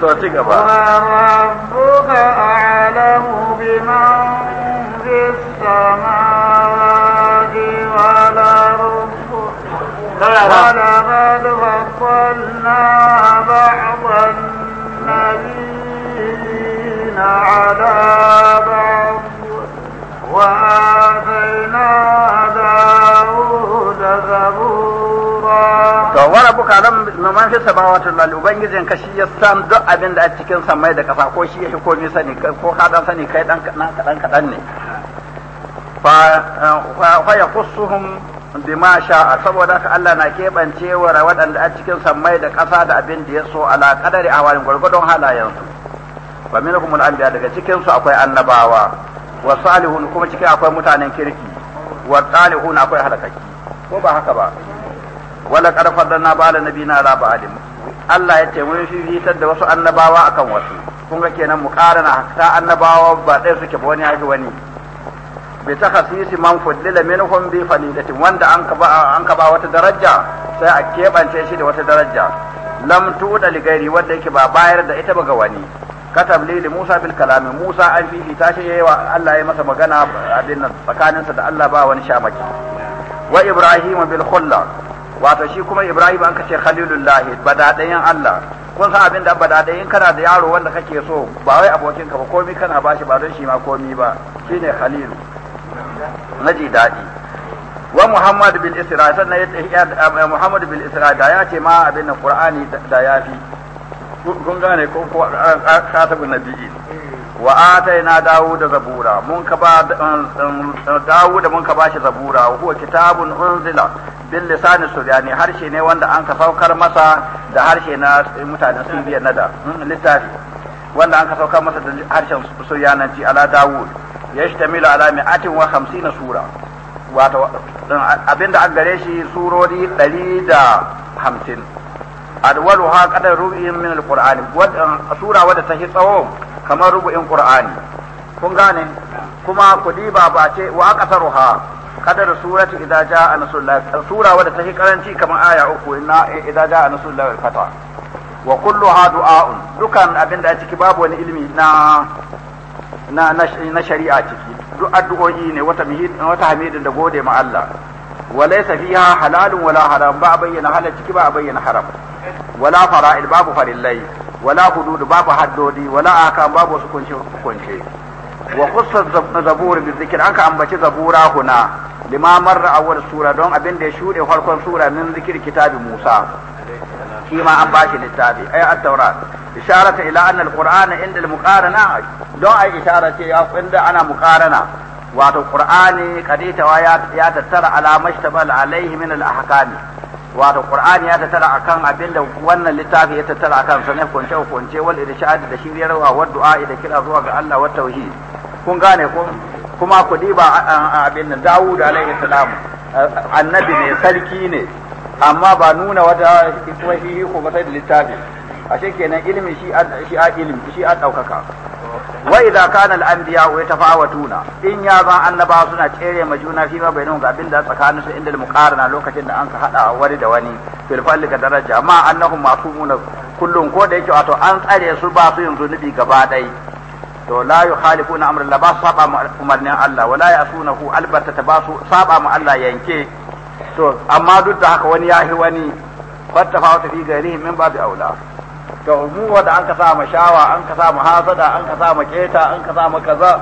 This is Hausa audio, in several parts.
to ci gaba rabbuka a'lamu biman fis samawati wal ولقد فضلنا بعض النبيين على rabbuka alam man fi samawati wal ubangijin ka shi ya san duk abin da a cikin samai da kasa ko shi yake komi sani ko ka dan sani kai dan kadan kadan kadan ne fa fa yaqussuhum bima sha'a saboda ka Allah na kebance wa waɗanda a cikin samai da kasa da abin da ya so ala kadari a wani halayen su. wa minhum al-anbiya daga cikin su akwai annabawa wa salihun kuma cikin akwai mutanen kirki wa salihun akwai halakaki ko ba haka ba wala qad faddalna ba'ala nabina ala alim Allah ya ce mun fifitar da wasu annabawa akan wasu kun ga kenan mu na ta annabawa ba ɗaya suke ba wani ya wani bi takhasisi man fuddila minhum bi fanidatin wanda an ka ba an ka ba wata daraja sai a kebance shi da wata daraja lam tuda li gairi wanda yake ba bayar da ita ba ga wani katab li Musa bil kalam Musa an ta shi yayi wa Allah ya masa magana abin nan tsakaninsa da Allah ba wani shamaki wa Ibrahim bil khulla wato shi kuma ibrahim an kace khalilullah badadayan allah kun san abin da kana da yaro wanda kake so ba wai abokinka ba komai kana bashi ba don shi ma komi ba shine khalil naji dadi wa muhammad bil isra sannan ya muhammad bil isra da ya ce ma abin qur'ani da yafi kun gane ko ko nabiyin wa ataina da zabura mun ka ba eh, eh, eh, dawo da mun ka ba shi zabura wa huwa kitabun unzila bil lisani suryani harshe ne wanda an ka saukar masa da harshe na mutanen suriya na da hmm, littafi wanda an ka saukar masa da harshen suryananci ala ya dawud yashtamilu ala mi'atin wa hamsina sura wato abinda an gare shi surori ɗari da hamsin adwaluha qadar ru'in min alqur'ani sura wadda ta hi tsawo kamar rubu'in qur'ani kun gane kuma kudiba ba ce wa aqsaruha kadar surati idza jaa nasrullah sura wadda take karanci kamar aya uku inna idza jaa nasrullah wal fata wa kulluha du'a'un dukan abinda a ciki babu wani ilimi na na na shari'a ciki duk addu'o'i ne wata wata hamidin da gode ma Allah وليس فيها حلال ولا حرام bayyana بين ciki ba a bayyana haram wala fara'il babu farillai wala hududu babu haddodi wala aka babu wasu kunce kunce wa khussa zabur bi zikr an ka ambaci zabura huna lima marra sura don abin da ya shuɗe farkon sura min zikir kitabi Musa shi an bashi littafi ay at-taurat isharata ila anna al inda al-muqarana don ay isharata ya inda ana muqarana wato qur'ani kaditawa ya tattara alamashtabal alaihi min al-ahkami wato qur'ani ya tattara akan abinda wannan littafi ya tattara akan sanin kunce kunce wal irshad da shiryarwa wa du'a da kira zuwa ga Allah wa tauhid kun gane ko kuma ku diba abin nan Dawud alaihi salam annabi ne sarki ne amma ba nuna wata ikwahi ko ba sai da littafi ashe kenan ilimi shi a ilimi shi a ɗaukaka wa idza kana al anbiya wa yatafawatuna in ya zan annaba suna tsere ma juna fi ma bainahum ga abinda tsakanin su inda muqarana lokacin da anka hada wani da wani fil falli ga daraja ma annahum masumuna kullum ko da yake wato an tsare su ba su yin zunubi gaba dai to la yukhalifuna amr Allah ba saba ma umarnin Allah wala yasunahu albata tabasu saba ma Allah yanke to amma duk da haka wani yahi wani fattafa wa fi gairihim min babu aula to umuwa da an ka sa shawa an ka sa ma hasada an ka sa keta an ka sa kaza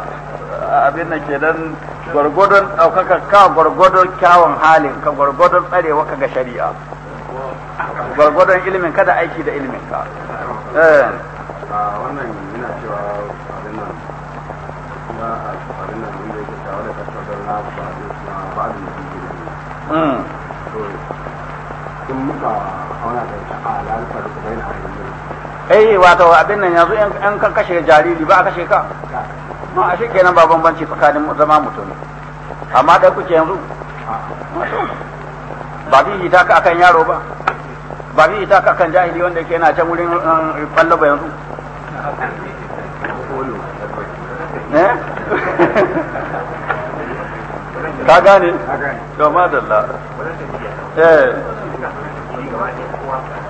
abin nan kenan gwargwadon ɗaukaka ka gwargwadon kyawun halin ka gwargwadon tsarewa ka ga shari'a gwargwadon ilimin kada aiki da ilimin ka eh. wannan yana cewa abin nan na abin nan wanda yake ta da kasar na ba da mutum to in muka auna da ta'ala alfa da kuma eh wato abin nan yanzu in kan kashe jariri ba a kashe ka ma a shi kenan ba bambanci tsakanin zama mutum amma da kuke yanzu ba bi ita ka akan yaro ba ba bi ita ka akan jahili wanda yake yana can wurin um, kwallo ba yanzu eh? ka gane to madalla eh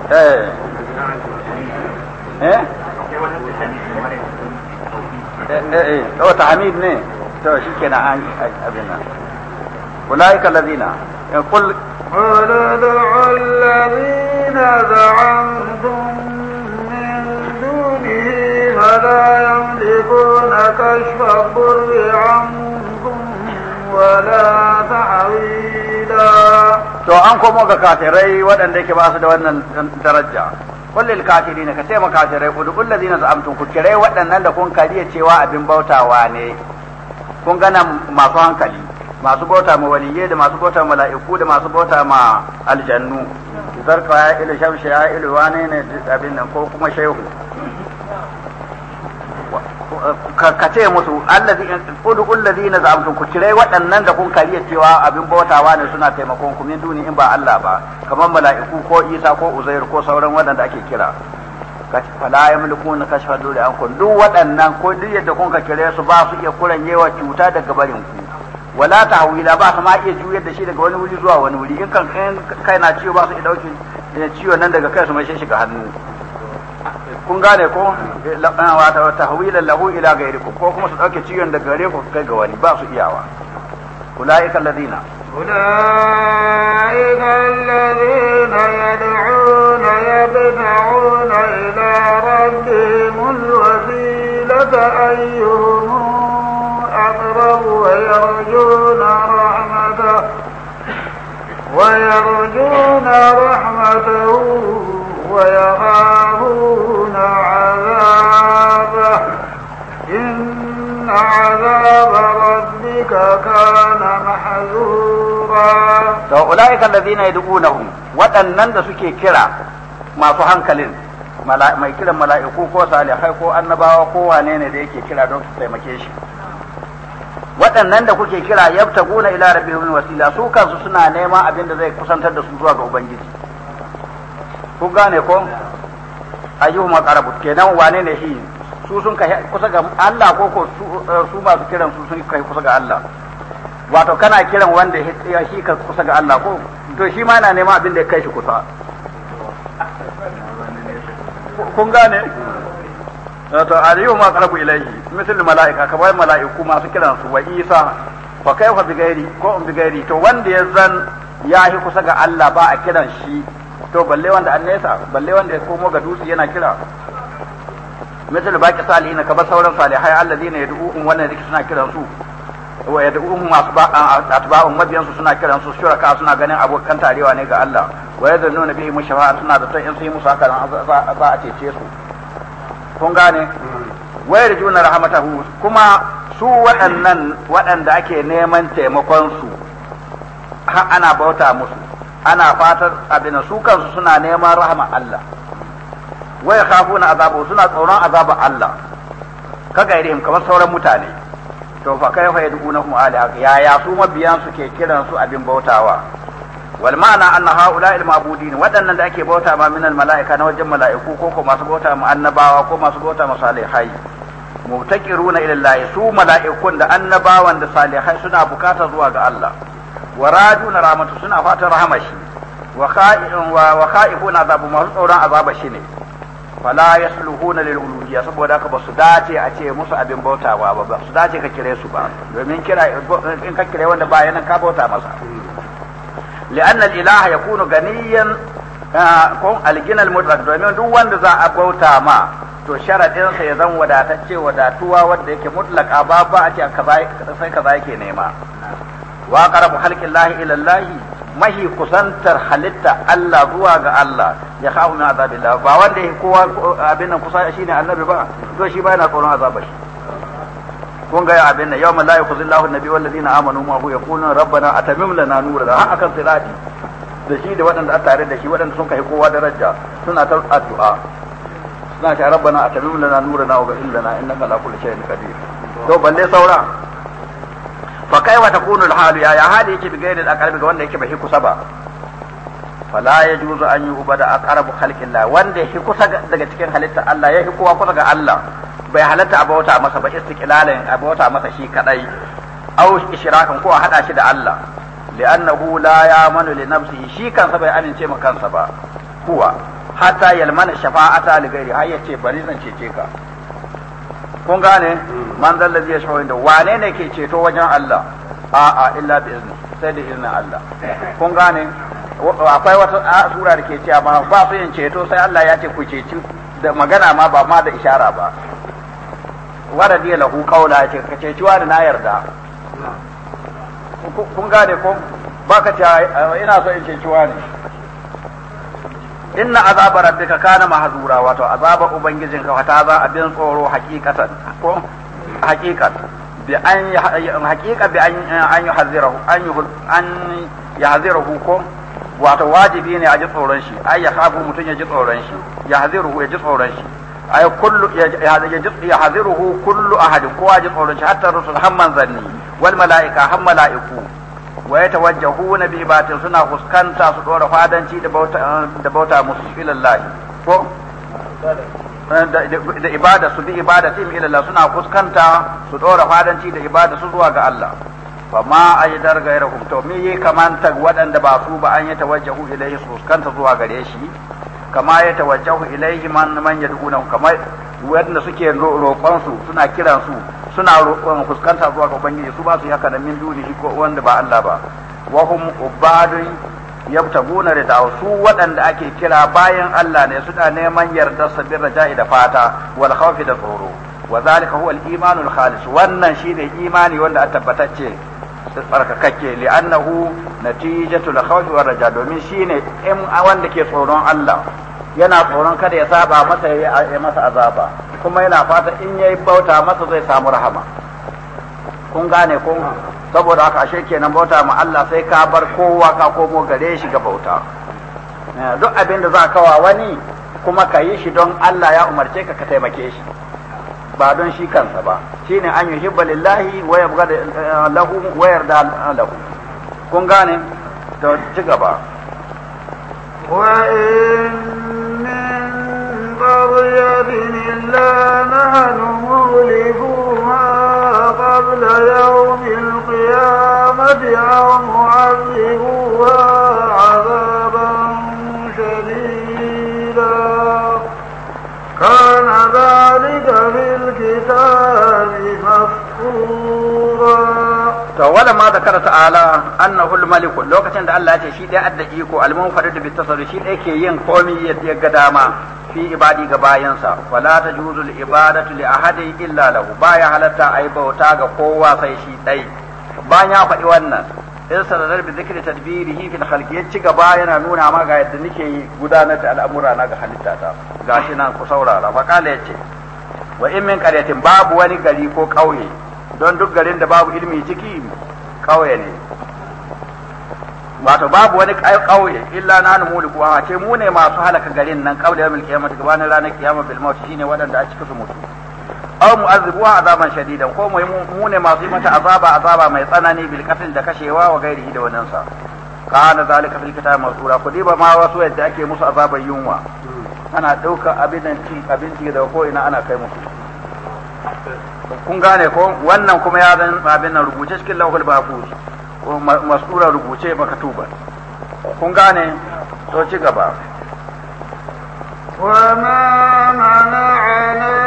eh eh eh eh, eh. Oh, ta hamid ne to shi ke na an abin da ladina da an dun min duni hada yan na kashfa burri an wala ta hawida to an kuma ga katirai waɗanda ke ba su da wannan daraja kullil kafirina ka taimaka kafirai ku duk allazina za'amtum ku kirai waɗannan da kun kariya cewa abin bautawa ne kun gana masu hankali masu bauta ma waliyye da masu bauta ma la'iku da masu bauta ma aljannu zarqa ya ilu shamshi ya ilu wane ne abin nan ko kuma shehu ka ce musu allazi udul ladina za'amtum ku kirai waɗannan da kun kariya cewa abin bautawa ne suna taimakon ku min duni in ba Allah ba kamar mala'iku ko Isa ko Uzair ko sauran waɗanda ake kira fala na kashfa dole an kun duk waɗannan ko duk yadda kun ka kire su ba su iya kuranyewa cuta daga barin ku wala tahwila ba su ma iya juyar da shi daga wani wuri zuwa wani wuri in kan kai na ciwo ba su iya dauke ciwo nan daga kai su mai shi shiga hannu kun gane ko ah, wata tahwilan lahu ila gairikum ko kuma su dauke ciwon daga gare ku kai ga wani ba su iyawa ulaika alladhina ulaika alladhina yad'una yabta'una ila rabbihim alwasilata ayyuhum aqrab wa yarjuna rahmatahu wa yarjuna rahmatahu wa yakhafuna عذابه إن عذاب ربك كان محذورا to ulaika waɗannan da suke kira masu hankalin mai kiran mala'iku ko salihai ko annabawa ko wane ne da yake kira don su taimake shi waɗannan da kuke kira guna ila min wasila su kansu suna neman abin da zai kusantar da su zuwa ga ubangiji Ku gane ko ayyuhum aqrabu kenan wane ne shi su sun kai kusa ga Allah ko ko eh, su masu kiran su sun kai kusa ga Allah wato kana kiran wanda ya shi ka kusa ga Allah ko to shi ma na neman abin da ya kai shi kusa kun gane to ayyuhum aqrabu ilayhi misal malaika kamar malaiku masu kiran su wa Isa fa kaifa bi gairi ko bi gairi to wanda ya zan ya shi kusa ga Allah ba a kiran shi to balle wanda an nesa balle wanda ya komo ga dutse yana kira misal baki salihina kaba sauran salihai alladhina yad'uhum suna kiran su wa su suna su shuraka suna ganin abokan tarewa ne ga Allah wa yadhununa mushafa'a suna da tan in sai za a cece su kun gane hmm. wa yarjuna rahmatahu kuma su waɗannan waɗanda ake neman taimakon su ana bauta musu ana fatar abin su kansu suna neman rahama Allah waya khafuna azabu suna tsoron azabu Allah ka gairihim kamar sauran mutane to fa kaifa yad'unahum ala yaya su mabiyan su ke kiran su abin bautawa wal ma'ana anna haula'il ma'budin waɗannan da ake bauta ma minal mala'ika na wajen mala'iku ko ko masu bauta ma annabawa ko masu bauta ma salihai mutaqiruna ila su mala'ikun da annabawan da salihai suna bukata zuwa ga Allah wa rajuna rahmatu suna fatan rahama shi wa kha'ifun wa kha'ifun azabu masu tsoron azaba shi ne fala yasluhuna lil uluhiyya saboda ba su dace a ce musu abin bautawa ba ba su dace ka ba domin kira ka ba لأن الإله يكون غنيا kun alginal domin duk wanda za a bauta ma to sharadin ya zan wadatacce wadatuwa wadda yake mutlaka ba ba a ce kaza sai kaza yake nema wa qarabu halqillahi ila allahi mahi kusantar halitta Allah zuwa ga Allah ya khafu min azabillah ba wanda yake kowa abin nan kusa shi shine annabi ba to shi ba yana tsoron azabar shi kun ga abin nan yawma la yukhzillahu an-nabi wal ladina amanu ma hu yaquluna rabbana atamim lana nurana har akan sirati da shi da waɗanda a tare da shi waɗanda sun kai kowa daraja suna ta addu'a suna ta rabbana atamim lana nurana wa ghfir lana innaka ala kulli shay'in qadir to balle saura fa kaifa takunu al ya ya hali yake bi gairi al-aqrab ga wanda yake bai kusa ba fala yajuzu an yu'bada aqrabu khalqillah wanda yake kusa daga cikin halitta Allah ya kowa kusa ga Allah bai halatta abota masa ba istiqlalin abota masa shi kadai aw ishrakan ko hada shi da Allah li'annahu la ya'manu li nafsihi shi kansa bai amince ma kansa ba kuwa hatta yalmana shafa'ata li gairi har yace bari zan cece ka kun gane man zalla zai shi wanda wane ne ke ceto wajen Allah a a illa bi izni sai da izinin Allah kun gane akwai wata sura da ke cewa ba ba su yin ceto sai Allah ya ce ku ceci da magana ma ba ma da ishara ba wada diya lahu qawla ya ce ka ceci wani na yarda kun gane ko baka ce ina so in ceci wani inna azaba rabbika kana mahzura wato azaba ubangijin ka ta za abin tsoro hakikatan ko hakikat bi an hakika bi an an yuhazirahu an yuhul an yahzirahu ko wato wajibi ne a ji tsoron shi ai ya kafu mutun ya ji tsoron shi ya haziruhu ya ji tsoron shi ai kullu ya ya haziruhu kullu ahadin kowa ji tsoron shi hatta rusul hamman zanni wal mala'ika ham mala'iku wa ya tawajjahu na biyu batil suna fuskanta su dora fadanci da bauta musu bauta musu ko da ibada su bi tim ilallah suna fuskanta su dora fadanci da ibada su zuwa ga Allah fa ma ajdar gairakum to me yi kamanta waɗanda ba su ba an ya tawajjahu ilaihi su fuskanta zuwa gare shi kama ya tawajjahu ilaihi man man yad'una kamar wanda suke roƙon su suna kiran su suna fuskanta zuwa ga ubangiji su ba su haka da min duni ko wanda ba Allah ba wa hum ubadun yabtaguna rida su waɗanda ake kira bayan Allah ne suna neman yarda sabir raja'i da fata wal khawfi da tsoro wa zalika huwa al iman al khalis wannan shine imani wanda a tabbatacce tsarkakakke li'annahu natijatu al khawfi war raja domin shine in wanda ke tsoron Allah yana tsoron kada ya saba masa ya masa azaba kuma yana fata in yayi bauta masa zai samu rahama kun gane ko saboda haka ashe kenan bauta ma Allah sai ka bar kowa ka komo gare shi ga bauta eh, duk abin da za ka wa wani kuma ka yi shi don Allah ya umarce ka ka taimake shi ba don shi kansa ba shine an yuhibba lillahi wa yabghadu eh, lahu wa yarda lahu kun gane to ci gaba wa قرية إلا نحن مهلكوها قبل يوم القيامة أو معذبوها to wala ma karata ala annahu al-malik lokacin da Allah ya ce shi dai adda iko al-munfarid bi tasarru shi dai ke yin komai yadda ga dama fi ibadi ga bayansa wala tajuzu al-ibadatu li ahadi illa lahu baya halatta ai bauta ga kowa sai shi dai bayan ya faɗi wannan in sanarar bi zikri tadbirihi fil khalqi ya ci gaba yana nuna ma ga yadda nake gudanar da al'amura na ga halitta ta gashi nan ku saurara fa kala yace wa in min qaryatin babu wani gari ko ƙauye don duk garin da babu ilimi ciki kauye ne wato babu wani kauye illa na nanu kuwa ce mu ne masu halaka garin nan kabla yawmil qiyamah gabanin ranar kiyama bil maut shine wadanda a cika su mutu aw mu'azzibuha azaban shadidan ko mu ne masu yi mata azaba azaba mai tsanani bil qatl da kashewa wa gairihi da wannan sa kana zalika fil kitabi masura ku diba ma wasu yadda ake musu azaban yunwa ana ɗaukar abin ci abinci da ko ina ana kai musu kun gane ko wannan kuma ya zan abin nan rubuce cikin lauhul bafus masura rubuce tuba kun gane to ci gaba وما منعنا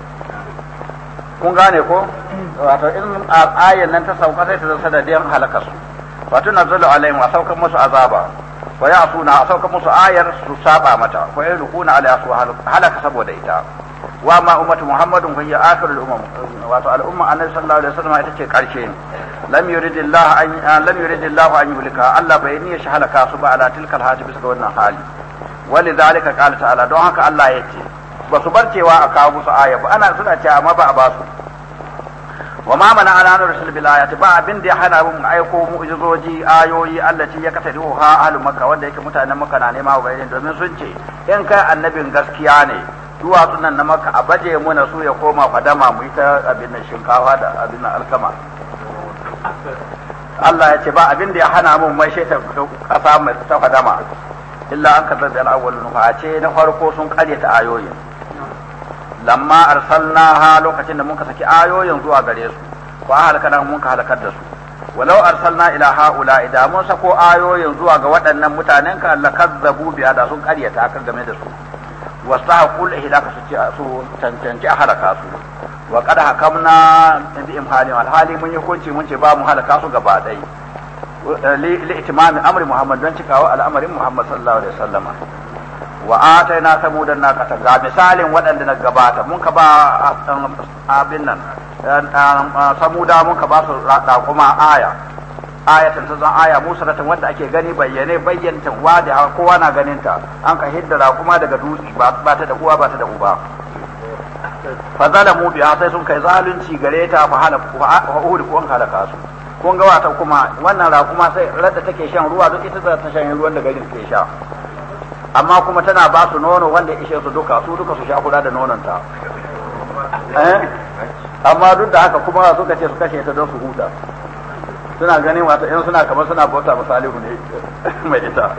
kun gane ko wato in ayan nan ta sauka sai ta zama sanadin halakar su wato alaihim a musu azaba ya suna a musu ayar su saba mata ko ya rukuna alaiha su halaka saboda ita wa ma ummatu muhammadun fa hiya akhirul umam wato al'umma annabi sallallahu alaihi wasallam ita ce karshe lam yuridillahu an lam yuridillahu an yuhlika Allah bai niyya shi halaka su ba ala tilkal hati ga wannan hali walidhalika qala ta'ala don haka Allah yace ba su bar cewa a kawo musu aya ba ana suna cewa amma ba a ba su wa ma mana ala nursul bil ayati ba abin da ya hana mu aiko mu'jizoji ayoyi allati ya kasari ha ahlu makka wanda yake mutanen makka na nema wa bayanin domin sun ce in kai annabin gaskiya ne duwatsun nan na makka a baje na su ya koma fadama mu ita abin nan shinkafa da abin nan alkama Allah ya ce ba abin da ya hana mu mai shaita kasa mai ta fadama illa an kazzaba al-awwalun fa ce na farko sun kare ta ayoyin lamma ha lokacin da muka saki ayoyin zuwa gare su ko halaka mun ka halakar da su walau arsalna ila haula idan mun sako ayoyin zuwa ga waɗannan mutanen ka la kazzabu bi ada sun ƙaryata kan game da su wastahqul ihlaka su su tantance a halaka su wa qad hakamna bi imhalin alhali mun yi hukunci mun ce ba mu halaka su gaba ɗaya li itimami amri muhammad don cikawa al'amarin muhammad sallallahu alaihi wasallama wa ataina samudan naqata ga misalin waɗanda na gabata mun ka ba um, abin nan um, um, samuda mun ka ba su kuma aya ayatan ta zan aya musaratan wanda ake gani bayyane wa da kowa na ganin ta an ka hiddara kuma daga dutse ba ta da uwa ba ta da uba fa zalamu biha sai sun kai zalunci gare ta fa halaku fa uhud ko an halaka su kun ga wata kuma wannan ra kuma sai radda take shan ruwa duk ita za ta shan ruwan da garin ke sha amma kuma tana ba su nono wanda ishe su duka su duka su sha kula da nononta eh? amma duk da haka kuma suka ce su kashe ta don su huta suna ganin wata in suna kamar suna bauta ba salihu ne mai ita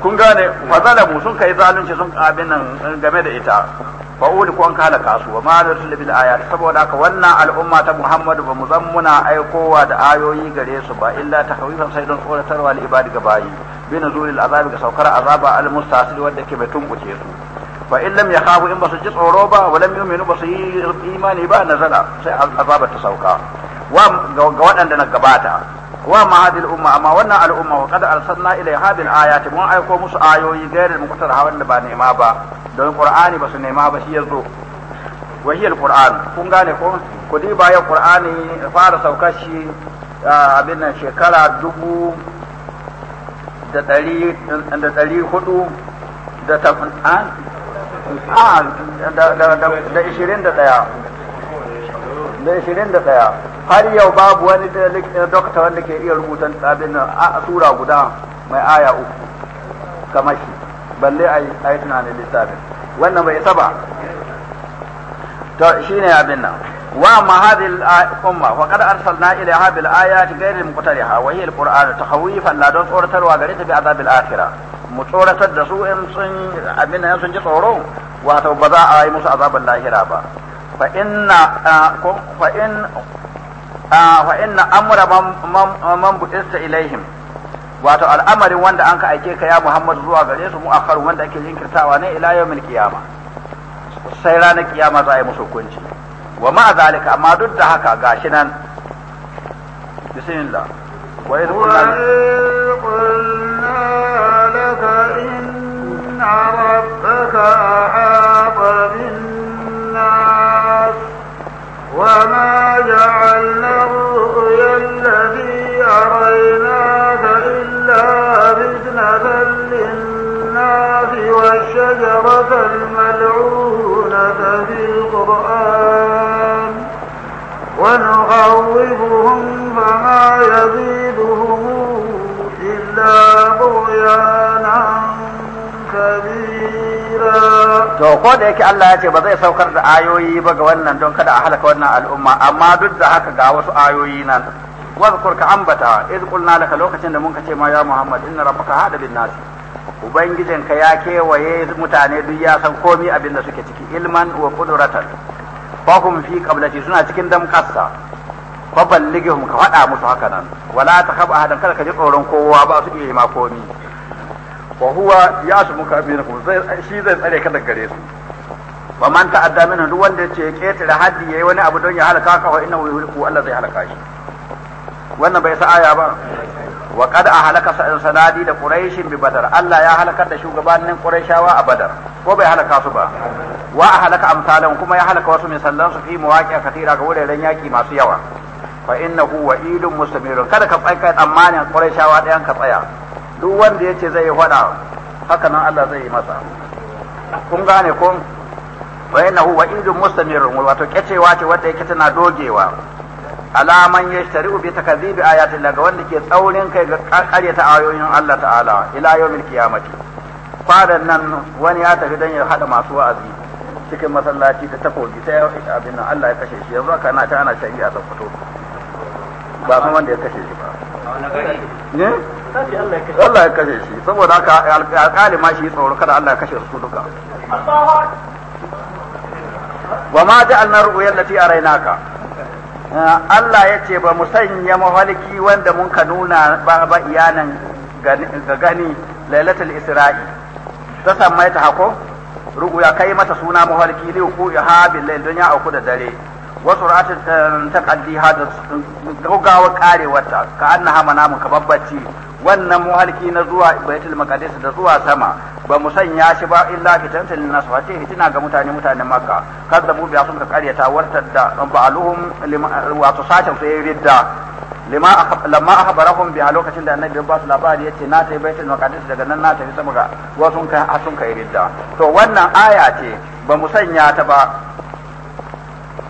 kun gane mu sun kai zalunci sun abin nan eh, game da ita fa uli kun kala kasu wa ma nursil bil ayat saboda haka wannan al'umma ta Muhammadu ba mu zan muna aikowa da ayoyi gare su ba illa tahwifan sai don tsoratarwa al ibadi gabayi bi nuzulil azabi ga saukar azaba al mustasil wanda ke bai tunkuce su fa in lam yakhafu in basu ji tsoro ba wa lam yu'minu basu yi imani ba nazala sai azaba ta sauka wa ga waɗanda na gabata wa ma hadil umma amma wannan al umma wa qad arsalna ilayha hadil ayati mun aiko musu ayoyi mun kutar hawan da ba nema ba don qur'ani basu nema ba shi yazo wa hiya al qur'an kun gane ko ku dai bayan qur'ani fara saukar shi abin nan shekara dubu da ɗari hudu da da ishirin da ɗaya da ishirin da ɗaya har yau babu wani eh, dokta wanda ke iya rubutan tsabin a sura guda mai aya uku kamar shi balle a yi tunanin lissafin wannan bai isa ba to shine abin nan وأما هذه الأمة وقد أرسلنا إليها بالآيات غير المقترحة وهي القرآن تخويفا لا دون صورة الواقعية بعذاب الآخرة مصورة الدسوء إن سن أبن إن سن جسورو واتو بضاء أي موسى عذاب الآخرة با فإن آه فإن آه فإن أمر من من, من بئست إليهم wato al'amarin wanda an ka aike ka ya Muhammad zuwa gare su mu'akhar wanda ake jinkirtawa ne ila yawmil qiyama sai ranar kiyama za a yi musu hukunci وما ذلك ما ضد هكا غاشنا بسم الله وإذ قلنا لك إن ربك أحاط بالناس وما جعلنا الرؤيا الذي أريناك إلا فتنة الناس والشجرة الملعونة في القرآن ونخوفهم فما يزيدهم إلا بغيانا kabira to ko da yake Allah ya ce ba zai saukar da ayoyi ba ga wannan don kada a halaka wannan al'umma amma duk da haka ga wasu ayoyi nan wazkur ka ambata iz qulna laka lokacin da mun ka ce ma ya muhammad inna rabbaka hada bin nasi ubangijinka ya kewaye mutane duk ya san komi abin da suke ciki ilman wa qudratan fahum fi qablati suna cikin damkasa fa ballighum ka faɗa musu haka nan wala takhab ahadan kada ka ji tsoron kowa ba su iya ma komi wa huwa yasmuka minkum zai shi zai tsare ka daga gare su wa man ta'adda min duk wanda yace ketira haddi yayi wani abu don ya halaka ka fa wa yuhliku Allah zai halaka shi wannan bai sa aya ba wa qad ahlaka sanadi da quraish bi badar Allah ya halakar da shugabannin quraishawa a badar ko bai halaka su ba wa ahlaka amsalan kuma ya halaka wasu misallan su fi muwaqi'a katira ga wuraren yaki masu yawa fa innahu wa'idun mustamirun kada ka tsaya tsammanin quraishawa ɗayan ka tsaya duk wanda yace zai faɗa haka nan Allah zai yi masa kun gane ko wa innahu wa'idun mustamirun wato kecewa ce wanda yake tana dogewa alaman ya shari ubi ta kazibi ayatin daga wanda ke tsaurin kai ga ta ayoyin Allah ta'ala ila yawmin Fa kwanan nan wani ya tafi don ya haɗa masu wa'azi cikin masallaci da takobi sai abin nan Allah ya kashe shi yanzu aka na ta ana shari'a ta fito ba kuma wanda ya kashe shi ba ne Allah ya kashe shi saboda haka alƙali ma shi tsoro kada Allah ya kashe su duka wa ma ja'alna ru'yallati araynaka Allah ya ce ba mu sanya mahaliki wanda mun ka nuna ba ba iyanan ga gani lailatul isra'i ta mai ta hako ruku ya kai mata suna mahaliki ne ku ya habil lail don ya auku da dare wasu suratul eh, taqaddi hada gaugawar karewarta ka annaha manamu ka babbaci wannan muhalki na zuwa baitul maqdis da zuwa sama ba mu sanya shi ba illa fitnatul nas wa fitina ga mutane mutanen makka kada mu biya sun ka karyata wartar da ba'aluhum wa tusata fi ridda lima lamma akhbarahum bi lokacin da annabi ba su labari yace na tai baitul maqdis daga nan na tafi sama ga wasun ka asun ka ridda to wannan aya ce ba mu sanya ta ba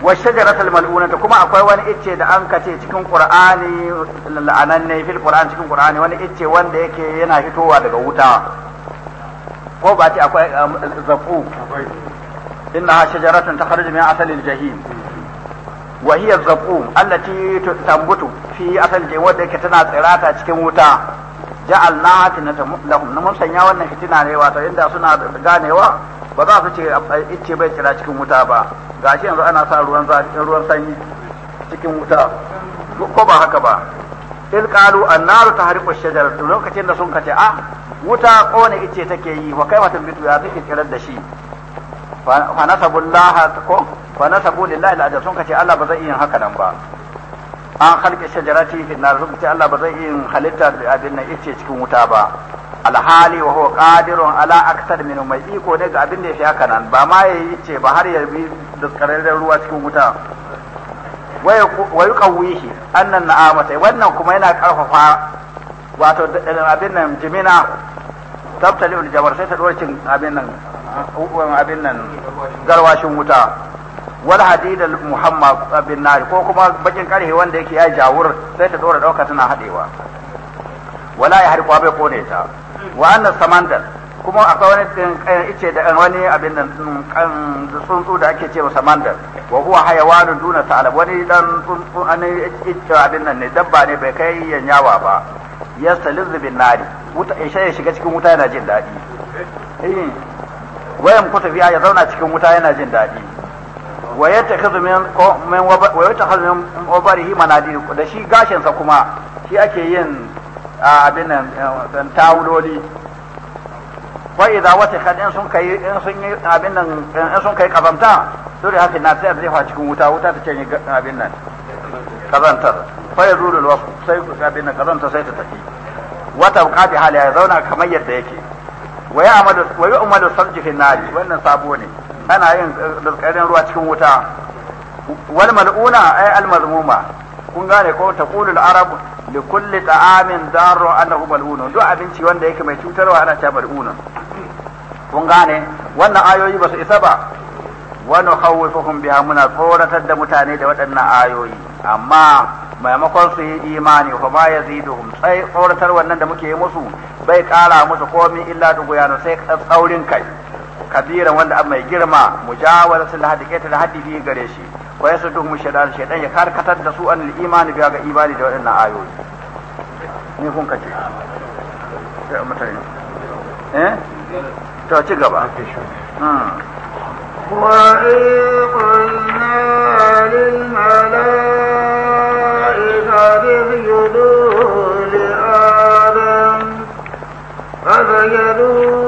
wa shajaratul mal'una kuma akwai wani icce da an kace cikin qur'ani la'ananne fil qur'an cikin qur'ani wani icce wanda yake yana fitowa daga wuta ko ba ce akwai um, zaqu Inna shajaratun takhruju min asalil jahim wa hiya zaqu allati tambutu fi asal jahim wanda yake tana tsirata cikin wuta ja'alna tinatum lahum mun sanya wannan fitina ne wato inda suna ganewa ba za su ce ce bai kira cikin wuta ba ga shi yanzu ana sa ruwan ruwan sanyi cikin wuta ko ba haka ba il qalu annaru tahriqu shajar lokacin da sun kace ah wuta kone ice take yi wa kai matan bitu ya take tsirar da shi fa nasabullaha ko fa nasabu lillahi al'ajab sun kace Allah ba zai yin haka nan ba an halka shajarati fi nar lokaci Allah ba zai yi halitta da abin nan yace cikin wuta ba alhali wa huwa qadirun ala akthar min mai iko ne ga abin da yafi haka nan ba ma yayi ce ba har ya bi da ruwa cikin wuta wa yuqawwihi annan amata wannan kuma yana karfafa wato abin nan jimina tabtali ul jabar sai ta dorcin abin nan uh, uh, abin nan garwashin wuta wal hadid al bin nar ko kuma bakin karhe wanda yake ya jawur sai ta dora dauka tana hadewa wala ya harkuwa bai kone ta wa anna samandal kuma akwai wani ice da wani abin nan kan tsuntsu da ake cewa samandal wa huwa hayawan duna ta'alab wani dan tsuntsu an ice abin nan ne dabba ne bai kai yanyawa ba ya salizu bin nari wuta ya shiga cikin wuta yana jin daɗi eh wayan biya ya zauna cikin wuta yana jin daɗi wa yattakhadhu min min wa yattakhadhu min wabarihi manadir da shi gashin sa kuma shi ake yin abin nan eh, tawuloli wa idza watakhat in sun kai in sun yi abin nan in sun kai kazanta dole haka na sai zai fa cikin wuta wuta ta canye abin nan kazantar fa yazulul wasf sai abin nan kazanta sai ta tafi wa tabqa bi hali ya zauna kamar yadda yake wa Amadu wa yu'malu sarji fi nari wannan sabo ne ana yin eh, daskarin ruwa cikin wuta wal mal'una ay al mazmuma kun gane ko ta al arab li kulli ta'amin darru annahu mal'una duk abinci wanda yake mai cutarwa ana cewa mal'una kun gane wannan ayoyi ba su isa ba wa nukhawwifuhum biha muna tsoratar da mutane da waɗannan ayoyi amma maimakon su yi imani ko ma yaziduhum sai tsoratar wannan da muke yi musu bai ƙara musu komai illa duguyano sai tsaurin kai kabiran wanda an mai girma sun da kai da haddi bi gare shi wa yasuduhum shaytan shaytan ya karkatar da su an imani biya ga imani da waɗannan ayoyi ni kun kace eh to ci gaba وإذ قلنا للملائكة اسجدوا لآدم فسجدوا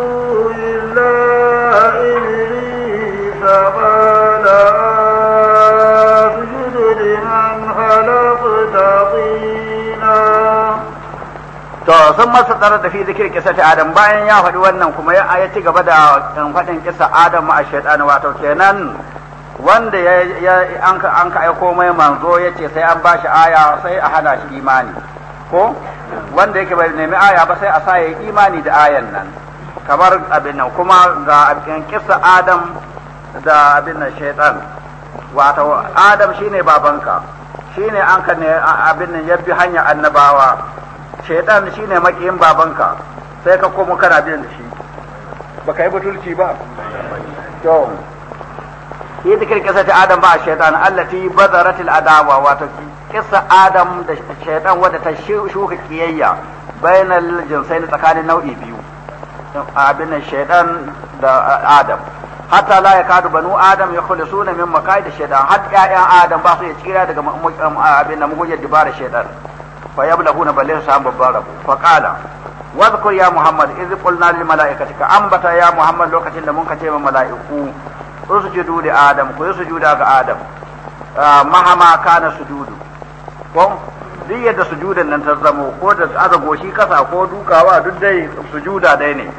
to sun masa tsara da fi zikir kisa ta adam bayan ya faɗi wannan kuma ya ci gaba da um, faɗin kisa adam a shaitan wato kenan wanda ya an ka an ka aiko mai manzo ya ce sai an bashi aya sai a hana shi imani ko wanda yake bai nemi aya ba sai a sa ya yi imani da ayan nan kamar abin nan kuma ga abin kisa adam da abin nan shaitan wato adam shine babanka shine an ka ne abin nan ya bi hanya annabawa shaitan shi ne makiyin babanka sai ka komo kana biyan da shi ba ka yi butulci ba to yi zikir kisa ta adam ba a shaitan allati badaratil adawa wato kisa adam da shaitan wadda ta shuka kiyayya bainal jinsai tsakanin nau'i biyu abin shaitan da adam hatta la ya kadu banu adam ya kula suna min makai da shaitan har 'ya'yan adam ba su ya tsira daga abin da mugunyar dibara shaitan fa yabu laguna ba les samu babbar lagu fa ƙaala wasu koyi ya muhammad izi ƙolinanin mala'ika ka am ya muhammad lokacin da mun ka ce ma mala'iku kulusu ci dudu adam kulusu juda ga adam mahama kanar su ko biyar da su nan ta zamo ko da aza goshi kasa ko duka duk dai su dai ne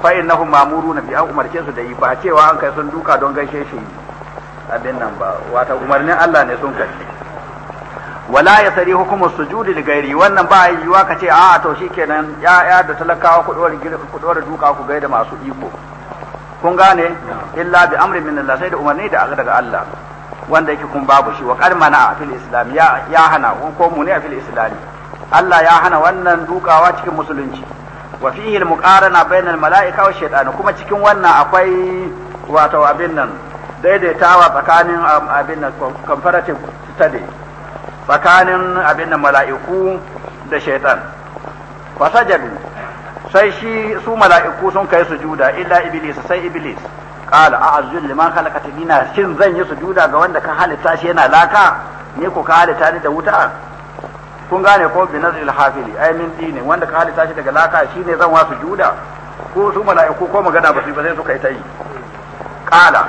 fai na ku mamuru na biyar umar kesu dai ba kai son duka don gaishe sheshi a nan ba wata umarni allah ne sun kai. wala ya sari hukumu sujudi li gairi wannan ba yiwuwa ka ce a to shikenan ya da talakawa ku dora ku dora duka ku gaida masu iko kun gane illa bi amri min Allah sai da umarni da daga Allah wanda yake kun babu shi wa qad mana fil islam ya ya hana ko mu ne a fil islam Allah ya hana wannan dukawa cikin musulunci wa fihi al muqarana bainal malaika wa shaytan kuma cikin wannan akwai wato abin nan daidaitawa tsakanin um, abin nan comparative study tsakanin abin da mala'iku da shaitan fasajar sai shi su mala'iku sun kai sujuda illa iblis sai iblis qala a'azzu liman khalaqata dina shin zan yi sujuda ga wanda ka halitta shi yana laka ne ku ka halitta ni da wuta kun gane ko bi nazril hafili dini wanda ka halitta shi daga laka shine zan wa sujuda ko su mala'iku ko magana ba su ba sai suka yi ta yi ƙala.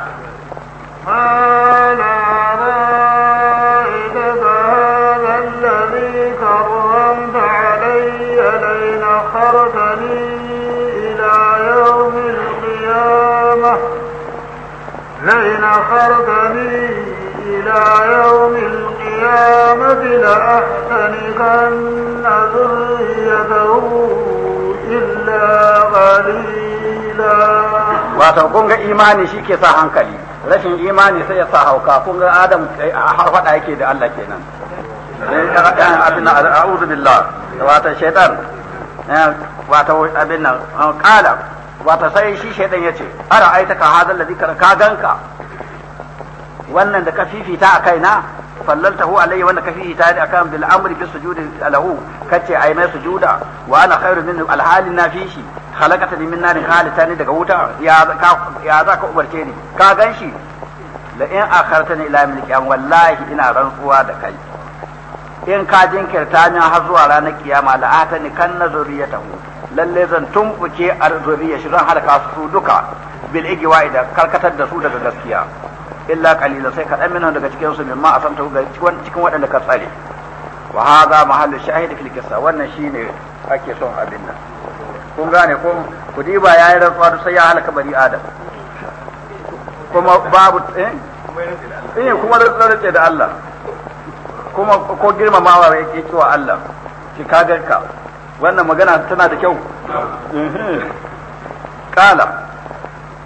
أخرتني إلى يوم القيامة لأحتنقن ذريته إلا قليلا wato kun ga imani shi ke sa hankali rashin imani sai ya sa hauka kun ga adam har faɗa yake da Allah kenan abin nan a'udhu billah wato shaytan wato abin nan kala wato sai shi shaytan yace ara aitaka hadal ladhi ka ganka wannan da ka fifita a kaina hu? alayya wanda ka fifita da akan bil amri bis sujudi lahu kace ai mai sujuda wa ana khairu min al hali na fi shi khalaqata ni min narin halitani daga wuta ya za ka ubarce ni ka ganshi la in akhartani ila min qiyam wallahi ina rantsuwa da kai in ka jinkirta ni har zuwa ranar kiyama la atani kan hu? lalle zan tumbuke arzuriya shi zan halaka su duka bil igwa idan karkatar da su daga gaskiya illa qalila sai kaɗan minhum daga cikin su mimma asanta ga cikin waɗanda ka tsare wa hadha mahallu shahidi fil qissa wannan shine ake son abin nan kun gane ko ku diba yayi rantsuwa sai ya halaka bani adam kuma babu eh eh kuma da rantsuwa da Allah kuma ko girmamawa yake cewa Allah ki kagarka wannan magana tana da kyau qala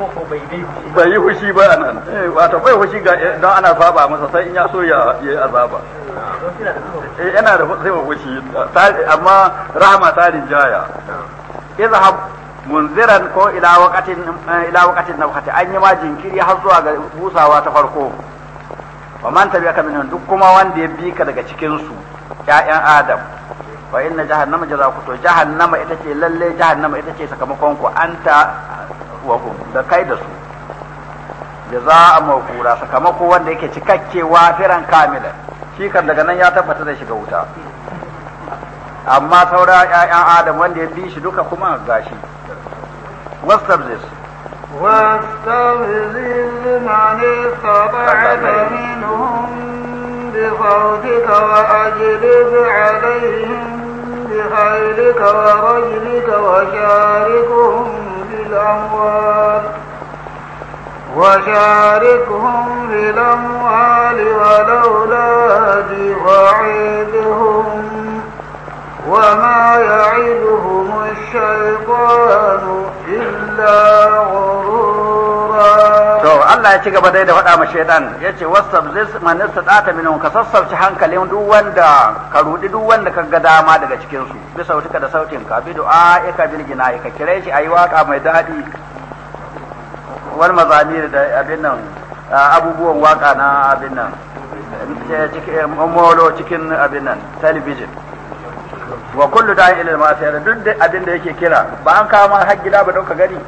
koko bai dai bai yi fushi ba nan eh, wato bai fushi ga don ana saba masa sai in ya so ya yi azaba eh, eh, yana da sai ba fushi amma rahama ta rinjaya izhab munziran ko ila waqatin ila waqatin an yi ma jinkiri har zuwa ga busawa ta farko wa man tabi'aka minhum duk kuma wanda ya bi ka daga cikin su ƴaƴan adam fa inna jahannama jazaku to jahannama ita ce lalle jahannama ita ce sakamakon ku anta wahum da kai da su jaza'a mawqura sakamako wanda yake cikakkewa firan kamilan shi kan daga nan ya tabbata zai shiga wuta amma saura 'ya'yan adam wanda ya bi shi duka kuma gashi wastabzis واستغفر لمن استطعت منهم عليهم ورجلك وشاركهم الأموال وشاركهم في الأموال والأولاد وعيدهم وما يعدهم الشيطان إلا غرورا Allah ya ci gaba dai da faɗa ma shaidan ya ce wasablis man ɗata minin ka sassauci hankalin duk wanda ka rudi duk wanda ka ga dama daga cikinsu bi sautuka da sautin ka bi du'a ka bin gina ka kire shi ayi waka mai daɗi wal mazamir da abin nan abubuwan waka na abin nan eh, eh, molo cikin abin nan talibijin wa kullu da'in ilal ma'asiyar duk abin da yake kira ba an kawo ma har gida ba dauka gari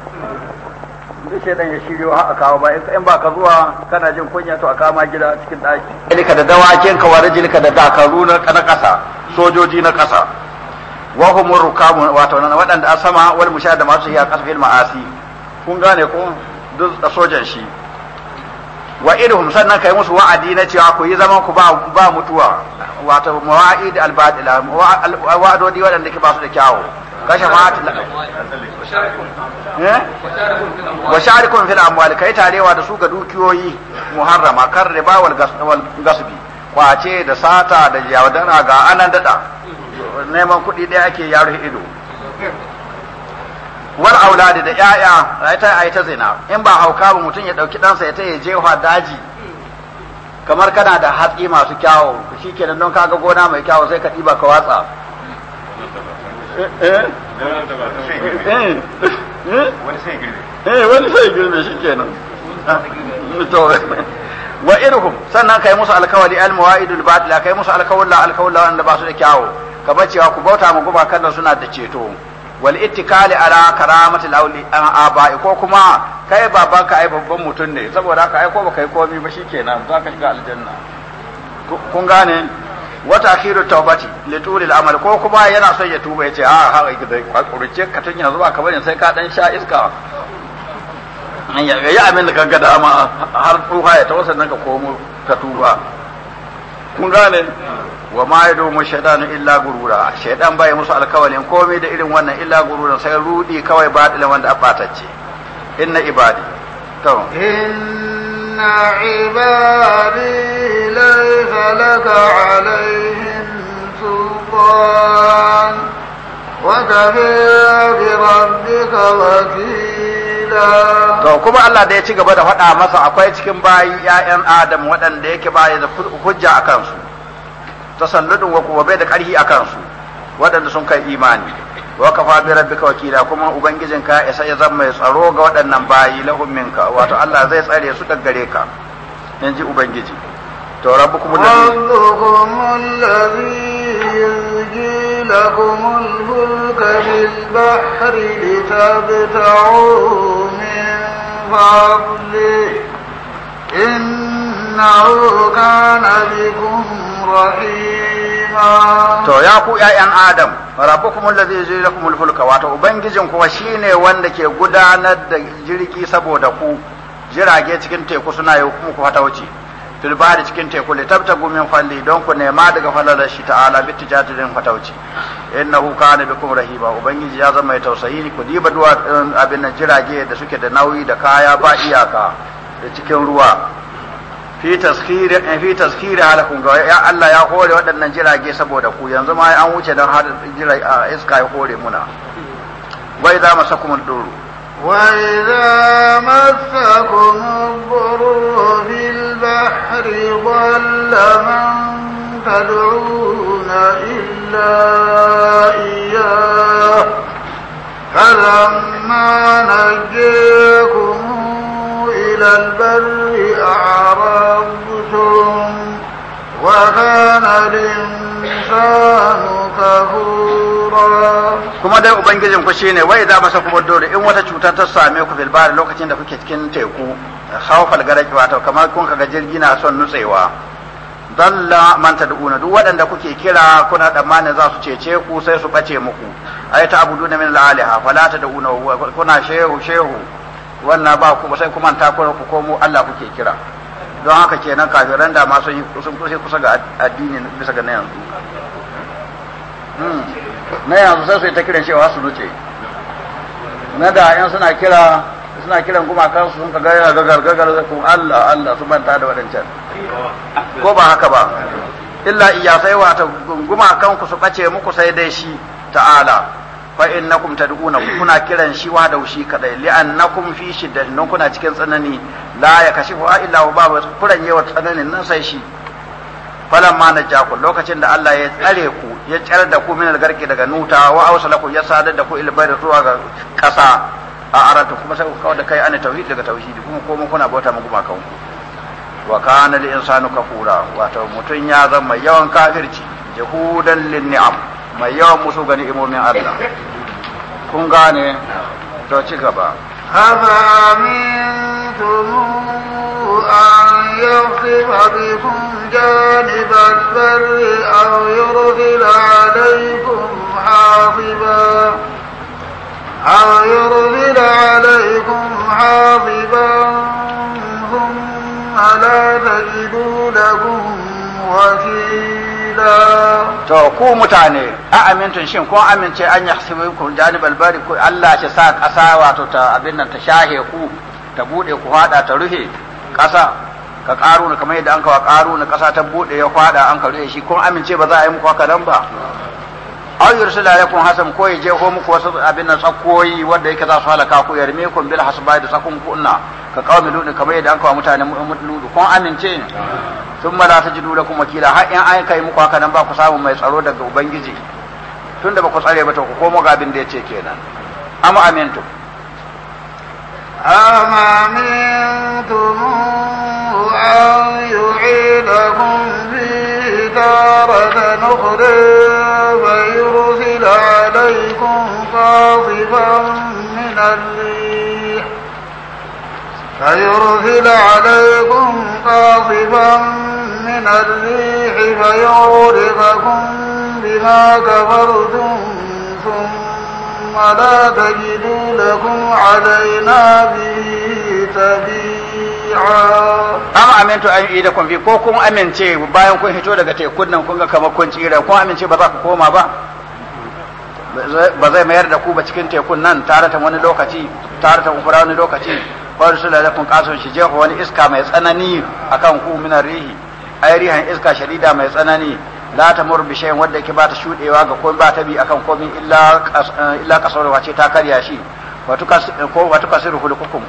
duk dan ya shiryo har a kawo ba in ba ka zuwa kana jin kunya to a ma gida cikin daki ilka da dawakin ka wari jilka da dakaru na kasa sojoji na kasa wa humur rukamu wato nan wadanda a sama wal mushahada masu iya kasfil ma'asi kun gane ko duk sojan shi wa idhum sannan kai musu wa'adi na cewa ku yi zaman ku ba ba mutuwa wato mawa'id al-badila wa'adodi waɗanda ke ba su da kyawu kashafat eh? wa sharikun fil amwal kai tarewa da su ga dukiyoyi muharrama kar riba wal gasbi da sata da yaudana ga anan dada neman kuɗi ɗaya ake yaro ido wal auladi da yaya ayata ayata in ba hauka ba mutum ya ɗauki ɗansa ya ya jefa daji kamar kana da hatsi masu kyawu shikenan don kaga gona mai kyawu sai ka ɗiba ka watsa Eh? Eh? Eh, wani sai girbe shi kenan ah, wa irhum sannan kai musu alkawali al mawaidul batila kai musu alkawalla alkawalla wanda ba su da kyawu kamar cewa ku bauta mu guba kan suna da ceto wal ittikali ala karamati lauli an abai ko kuma kai baban ka ai babban mutum ne saboda ka ai ko baka yi komai ba shikenan za ka shiga aljanna kun gane Wata ta'khiru tawbati li tuli al-amal ko kuma yana son ya tuba yace a ah, ha da kurce ka tun yanzu bari sai ka dan sha iska ya yi amin da ga da ama har tuha ya tawassa nan ka komo ka tuba kun gane wa ma yadu mu shaytanu illa gurura shaitan bai musu alkawalin komai da irin wannan illa gurura sai rudi kawai ba wanda a batacce inna ibadi to إن عبادي ليس لك عليهم سلطان وكفي بربك وكيلا to kuma Allah da ya ci gaba da faɗa masa akwai cikin bayi ‘ya'yan Adam waɗanda yake baya da hujja a kansu, tasalludin wa bai da ƙarfi a kansu waɗanda sun kai imani. wa kafa bi rabbika wakila kuma ubangijinka ya sai zan mai tsaro ga waɗannan bayi lahum minka wato Allah zai tsare su daga gare ka in ji ubangiji to rabbukum allazi lakum al-fulka bil bahri litabta'u min fadli innahu kana bikum rahim to ya ku ƴaƴan adam rabbukum allazi yajri lakum al-fulka wato ubangijin kuwa shine wanda ke gudanar da jirgi saboda ku jirage cikin teku suna yi fatauci fil cikin teku li tabtagu min falli don ku nema daga falalar shi ta'ala bi tijatirin fatauci innahu kana bikum rahiba ubangiji ya zama mai tausayi ku diba duwa abin jirage da suke da nauyi da kaya ba iyaka da cikin ruwa fi taskiri eh, fi taskiri halakum ga ya Allah ya hore waɗannan jirage saboda ku yanzu ma an wuce don har a iska ya hore muna wai za masa kuma duru وإذا مسكم الضر في البحر ضل من tad'una illa إياه فلما نجيكم البر kuma dai ubangijin ku shine wai za masa kuma dole in wata cuta ta same ku fil bari lokacin da kuke cikin teku khawfal garaki wato kamar kun kaga jirgi na son nutsewa dalla man tad'una duk waɗanda kuke kira kuna tsammanin za su cece ku sai su bace muku ayata abuduna min al-aliha fala tad'una kuna shehu shehu wannan ba ku sai kuma ta kura ku komo Allah kuke kira don haka kenan kafiran da ma sun sun kusa kusa ga addinin bisa ga na yanzu hmm. na yanzu sai su ta kiran cewa su nuce na da yan suna kira suna kiran kuma kan su sun ka gaya gagar gagar kun Allah Allah su manta da wadancan ko ba haka ba illa iya sai wata gunguma kanku su bace muku sai dai shi ta'ala fa innakum tad'una kuna kiran shi wa da shi kadai annakum fi shiddatin nan kuna cikin tsanani la ya kashifu illa wa babu kuran yawa tsananin nan sai shi falan ma ku. lokacin da Allah ya tsare ku ya tsare da ku min algarki daga nuta wa ku ya sadar da ku ilbar zuwa ga kasa a aratu kuma sai ku kawo da kai ana tauhid daga tauhidi kuma komai kuna bauta mu guma kawo wa kana lil insanu kafura wato mutun ya zama yawan kafirci jahudan lin ni'am mai yawan musu gani ni'imomin Allah kun gane to ci gaba haba amintum an yaghfir bikum janib al-barri aw yursil alaykum ثم لا تجدوا لكم وكيلا to ku mutane a amintun shin kun amince an yahsibu ku janibal bari ku Allah shi sa ƙasa wato ta abin nan ta shahe ku ta bude ku hada ta ruhe ƙasa ka ƙaru kamar yadda an kawo ƙaru na ƙasa ta bude ya hada an ka ruhe shi kun amince ba za a yi muku haka nan ba aw yursila alaikum hasan ko ya je muku wasu abin nan tsakkoyi wanda yake za su halaka ku yarme kun bil hasbai da tsakun kunna ka qaumi ludu kamar yadda an kawo mutanen ludu kun amince ne thumma la tajidu lakum wakila har in an kai muku haka nan ba ku samu mai tsaro daga ubangiji tunda ba ku tsare ba to ku komo ga abin da yace kenan am amintu am amintum an yu'idakum fi daratan واضبا من الريح فيرسل عليكم قاصفا من الريح فيغرقكم بما كفرتم ثم لا تجدوا لكم علينا به تبيعا am amintu an yi da kun bi ko kun amince bayan kun hito daga tekun nan kun ga kamar kun tsira kun amince ba za ku koma ba ba zai mayar da ku ba cikin tekun nan taratan wani lokaci taratan kuma wani lokaci ba su lalakun kason shi jefa wani iska mai tsanani akan ku min rihi ai rihan iska shadida mai tsanani la ta bi shayin wanda yake ba ta shudewa ga komai ba ta bi akan komai illa eh, illa kasarwa ce ta karya shi wato eh, ko wato kasiru hulukukum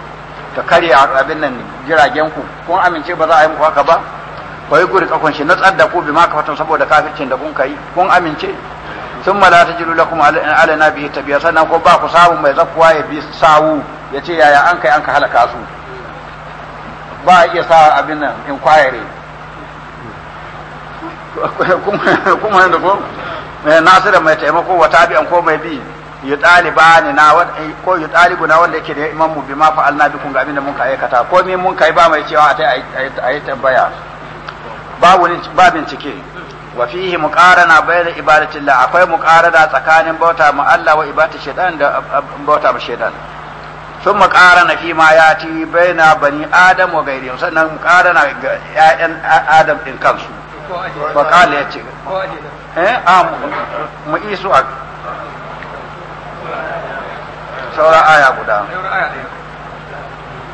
ta karya abin nan jiragen ku kun amince ba za a yi muku haka ba ko yi guri kakon shi na tsar da ku bi ma ka fatan saboda kafircin da kun kai kun amince sun mala ta jiru lakum alaina bihi tabiya sannan ko ba ku samu mai zakkuwa ya bi sawu ya ce yaya an kai an ka halaka su ba iya sa abin nan inquiry kuma yadda ko nasira mai taimako wa tabi'an ko mai bi yi ɗalibani na ko yi ɗalibu na wanda yake da imam mu bi ma fa'alna bikum ga abin da mun ka aikata ko min mun kai ba mai cewa a ta yi tambaya ba bincike wa fihi muqarana bayna ibadatillah akwai muqarana tsakanin bauta ma Allah wa ibadati shaytan da bauta ma shaytan sun muqarana fi ma yati bayna bani adam wa ghairihim sannan muqarana ga ƴaƴan adam din kansu wa qala yace eh am ah, mu isu a saura aya guda saura aya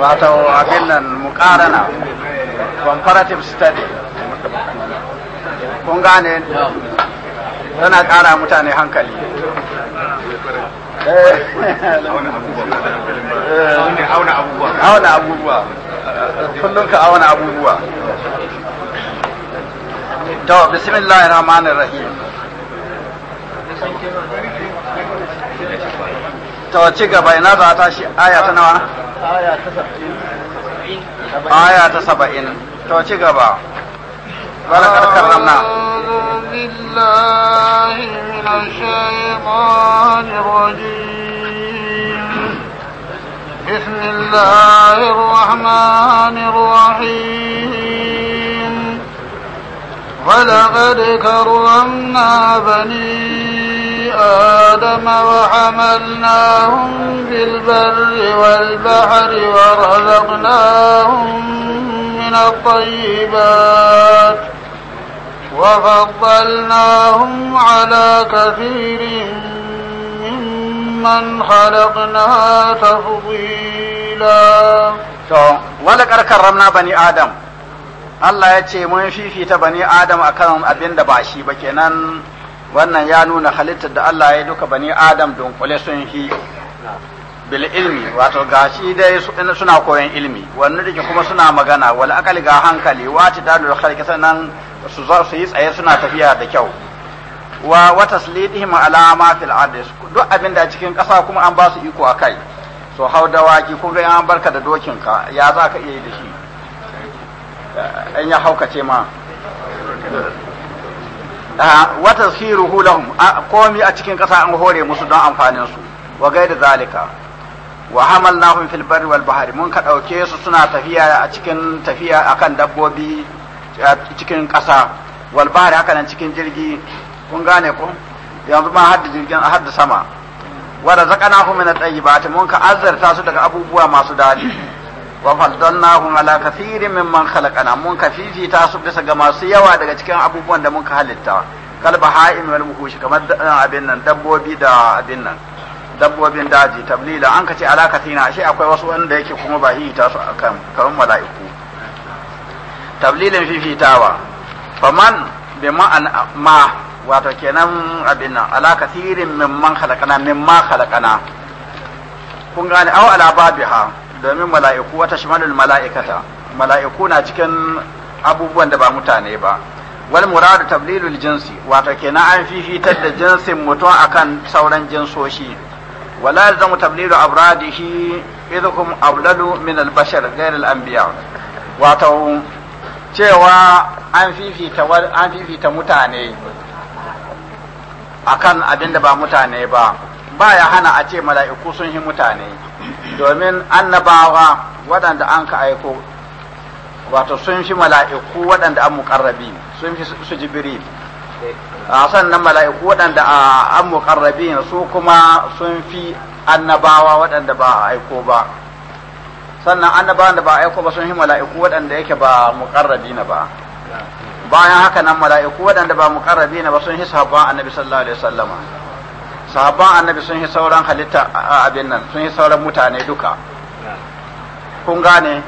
wato abin nan mukarana comparative study kun gane yana kara mutane hankali eh. Eh. auna abubuwa kullum ka auna abubuwa to bismillahir rahmanir rahim to ci gaba ina za a tashi aya ta nawa aya ta saba'in ta to ci gaba barakar بسم الله الرحمن الرحيم ولقد كرمنا بني آدم وحملناهم في البر والبحر ورزقناهم من الطيبات وفضلناهم على كثير ممن خلقنا تفضيلا ولقد كرمنا بني آدم Allah ya ce mun fifita bani Adam akan abin da ba shi ba kenan wannan ya nuna halittar da Allah ya duka bani Adam don dunkule sun shi bil ilmi wato gashi dai suna koyon ilmi wannan dake kuma suna magana wal akali ga hankali wati da khalqi sanan su za su yi tsaye suna tafiya da kyau wa wa taslidihim alama duk abin da cikin kasa kuma an ba su iko akai so hau dawaki kun ga an barka da dokin ka ya za ka iya yi da shi an eh, ya haukace ma Ah, wa tashiruhu lahum ah, komi a cikin ƙasa an hore musu don amfanin su wa gaida zalika wa hamalnahum fil barri wal bahri mun ka dauke su suna tafiya a cikin tafiya akan dabbobi cikin ƙasa wal bahri haka nan cikin jirgi kun gane ko yanzu ma hadda jirgin hadda sama wa razaqnahum min at tayyibati mun ka azzarta su daga abubuwa masu dadi wa faddalnahum ala kathirin mimman khalaqana mun kafifi ta su bisa ga masu yawa daga cikin abubuwan da muka halitta kalba ha'im wal muhush kamar eh, abin nan dabbobi da abin nan dabbobin daji tablila an kace ala kathina shi akwai wasu wanda yake kuma ba hi ta su akan kamar mala'iku tablilin fifitawa faman bi ma'ana ma wato kenan abin nan ala kathirin mimman khalaqana mimma khalaqana kun gane aw ala babiha domin mala'iku wata shimalin mala'ikata mala'iku na cikin abubuwan da ba mutane ba wal muradu tablilul jinsi wato kenan an fifitar da jinsin mutum akan sauran jinsoshi wala yalzamu tablilu abradihi idhum ablalu min al bashar ghayr al anbiya wato cewa an fifita an fifita mutane akan abinda ba mutane ba baya hana a ce mala'iku sun yi mutane domin annabawa waɗanda an ka aiko wato sun fi mala'iku waɗanda an muƙarrabi sun fi su jibiri a sannan mala'iku waɗanda an muƙarrabi su kuma sun fi annabawa waɗanda ba a aiko ba sannan annabawan da ba a aiko ba sun fi mala'iku waɗanda yake ba muƙarrabi na ba bayan haka nan mala'iku waɗanda ba muƙarrabi na ba sun fi sahabban annabi sallallahu alaihi wasallama sahabban annabi sun yi sauran halitta a abin nan sun yi sauran mutane duka kun gane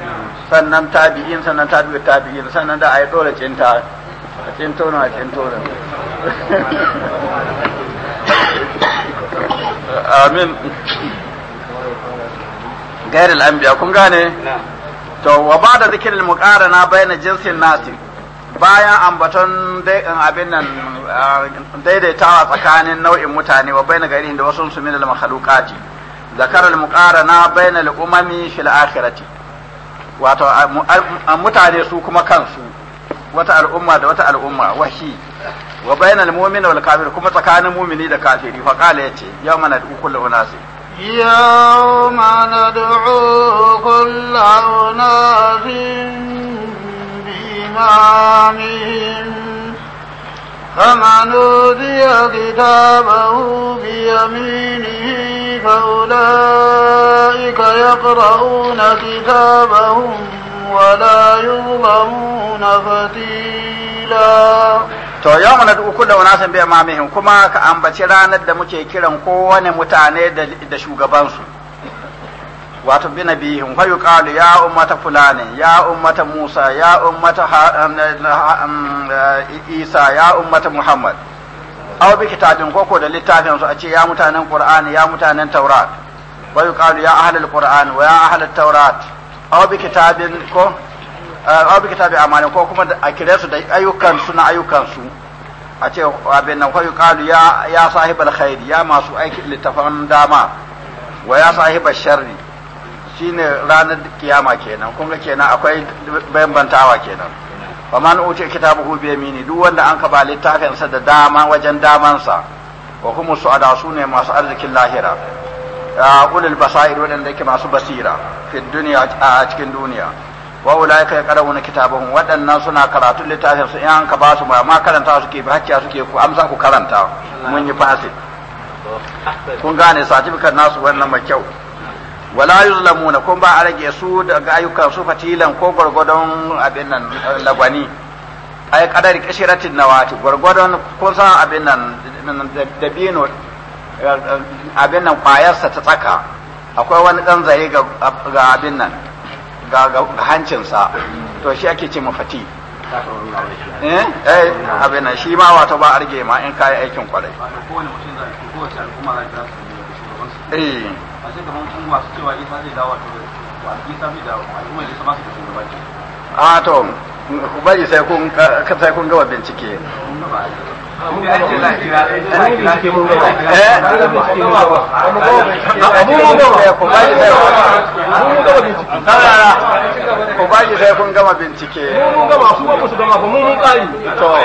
sannan tabi'in sannan tabi'u tabi'in sannan da a yi dole cinta a cintona a cintona amin gairil anbiya kun gane to wa ba da zikirin na bayna jinsin nasi bayan ambaton eh, abin nan eh, daidaitawa tsakanin nau'in mutane wa baina gari da wasu su min al-makhluqati zakara al-muqarana baina al-umami fil akhirati wato mutane su kuma kansu wata al'umma da wata al'umma wahi wa baina al-mu'min wal kafir kuma tsakanin mu'mini da kafiri fa qala yace yawma nad'u kullu unasi yawma nad'u kullu unasi. إمامهم فمن أوتي كتابه بيمينه فأولئك يقرؤون كتابهم ولا يظلمون فتيلا to yawon da uku da wani bai mamihin kuma ka ambaci ranar da muke kiran kowane mutane da shugabansu wato bi nabihim fa yuqalu ya ummata fulani ya ummata musa ya ummata eh, isa ya ummata muhammad aw bi kitabin koko da littafin su a ce ya mutanen qur'ani ya mutanen taurat wa yuqalu ya ahlul qur'an wa ya ahlul taurat aw bi kitabin ko eh, aw bi kitabi amana ko kuma a kire su da ayyukan su na ayyukan su a ce abin nan fa yuqalu ya ya sahibal khair ya masu aiki littafan dama wa ya sahibar sharri shine ranar kiyama kenan kun ga kenan akwai bambantawa kenan wa man uti kitabuhu bi yamini duk wanda an kaba littafin sa da dama wajen daman sa wa kuma su ne masu arzikin lahira ulul basair wadanda yake masu basira fi dunya a cikin duniya wa ulaika yaqrauna kitabahum wadannan suna karatu littafin su in an ka ba su ba ma karanta suke ba hakkiya suke ku amsa ku karanta mun yi fasit kun gane certificate nasu wannan mai kyau wala yuzlamuna kun ba a rage su daga ayyukan su fatilan ko gwargwadon abin nan lagwani ay kadari kashiratin nawati gwargwadon kun san abin nan dabino abin nan sa ta tsaka akwai wani dan zare ga abin nan ga hancin sa to shi ake ce mafati eh eh abin nan shi ma wato ba a rage ma in kai aikin kwarai kowane mutum zai kowace al'umma zai ta eh a ce kamar kun masu cewa isa zai dawo to isa bai dawo al'umma isa ba su da shugabanci a to bari sai kun sai kun gaba bincike abu mu sai kun gama bincike mun gama su ba su gama ba mun kari to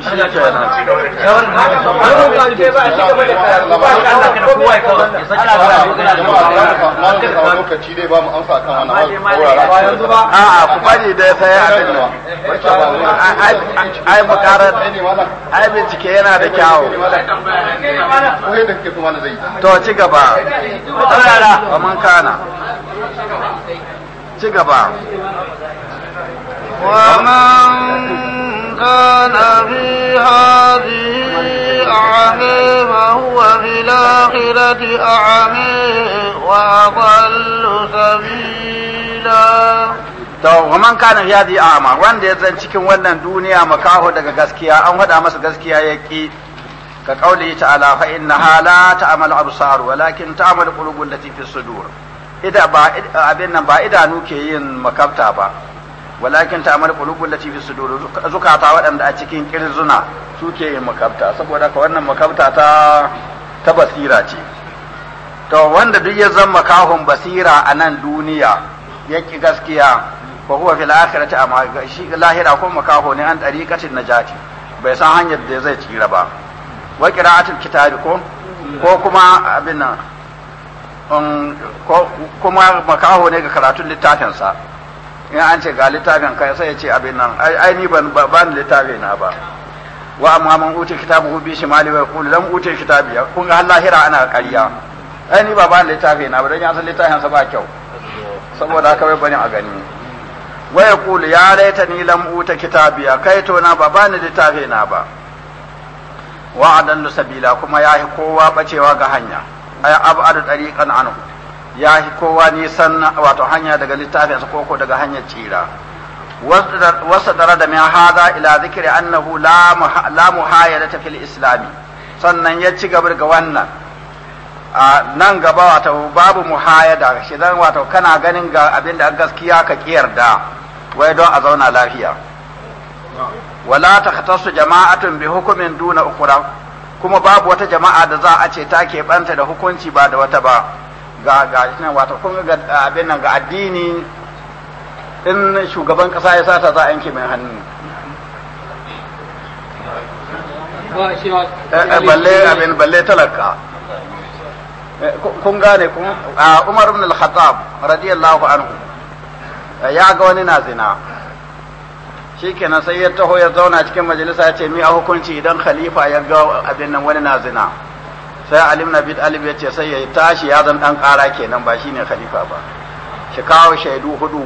shi ke nan mun kari sai ba shi gaba da ba ka da ya ba da dai ba mu amsa kan wannan ba yanzu ba ku bari dai sai ai ai bincike ke yana da kyawu. To ci gaba. Wa man kana. Ci gaba. Wa man kana fi hadi a'ami ma huwa fi lakhirati a'ami wa aqallu sabila. to wa man kana fi hadhihi a'ma wanda ya zan cikin wannan duniya makaho daga gaskiya an faɗa masa gaskiya ya ki ka kauli ala fa hala ta amal absar walakin ta amal qulubul lati fi sudur ida ba abin nan ba idanu ke yin makafta ba walakin ta amal qulubul lati fi sudur zukata waɗanda a cikin kirzuna suke yin makafta saboda ka wannan makafta ta ta basira ce to wanda duk ya zama kahon basira a nan duniya yake gaskiya fa huwa fil akhirati amma shi lahira ko makaho ne an tariqatin najati bai san hanyar da zai tsira ba wa qira'atul kitabi ko ko kuma abin nan um, kuma makaho ne ga karatun littafin sa in an ce ga littafin kai sai ya ce abin nan ai ni ban ban littafin na ba wa amma mun uti kitabu bi shimali wa qul lam uti kitabi ya kun ga lahira ana ƙarya ai ni ba ban littafin na ba dan ya san littafin sa ba kyau saboda haka bai bane a gani wa yaqulu ya laitani lam uta kitabiya kai to na ba bani littafi na ba wa adallu sabila kuma ya yi kowa bacewa ga hanya ay abadu tariqan anhu yi kowa nisan wato hanya daga littafin sa koko daga hanyar tsira wasu dara da min hada ila zikiri annahu la ta fil islami sannan ya ci gaba ga wannan a nan gaba wato babu muhayyada shi zan wato kana ganin ga abinda gaskiya ka kiyarda wai don a zauna lafiya wala jama'a jama'atun bi hukumin duna ukura kuma babu wata jama'a da za a ce ta keɓanta da hukunci ba da wata ba ga ga nan wato kun ga abin nan ga addini in shugaban kasa ya sata za a yanke mai hannu eh, eh, balle abin balle talaka eh, kun gane kun umar ibn al-khattab radiyallahu anhu Eh, ya ga wani na zina shi kenan sai ya taho ya zauna cikin majalisa ya ce mi a hukunci idan khalifa ya ga abin nan wani na zina sai alim na bid alib ya ce sai ya tashi ya zan dan kara kenan ba shine khalifa ba shi kawo shaidu hudu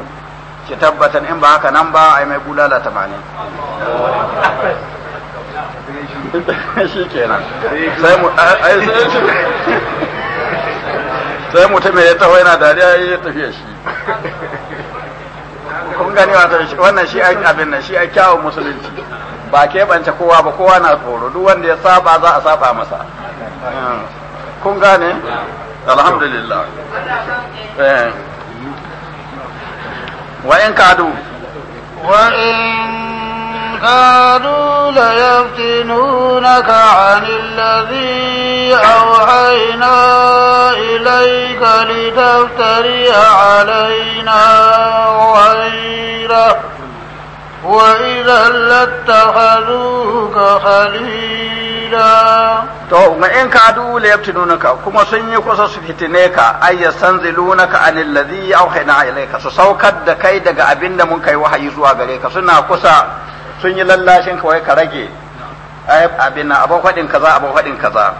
shi tabbatan in ba haka nan ba ai mai bulala tamanin shi kenan sai mu sai mutum ya taho yana dariya ya tafiya shi kun gani wato wannan shi abin nan shi a kyawun musulunci ba keɓance kowa ba kowa na tsoro duk wanda ya saba za a saba masa hmm. kun gane alhamdulillah eh. wa in kadu wa in كانوا ليفتنونك عن الذي أوحينا إليك لتفتري علينا غيره وإذا لاتخذوك خليلا to ma in ka adu la yaftinunaka kuma sun yi kusa su fitine ka ay yastanzilunaka anil ladhi awhayna ilayka su saukar da kai daga abinda mun kai wahayi zuwa gare ka suna kusa sun yi lallashin kawai ka rage abin na abin faɗin kaza abin faɗin kaza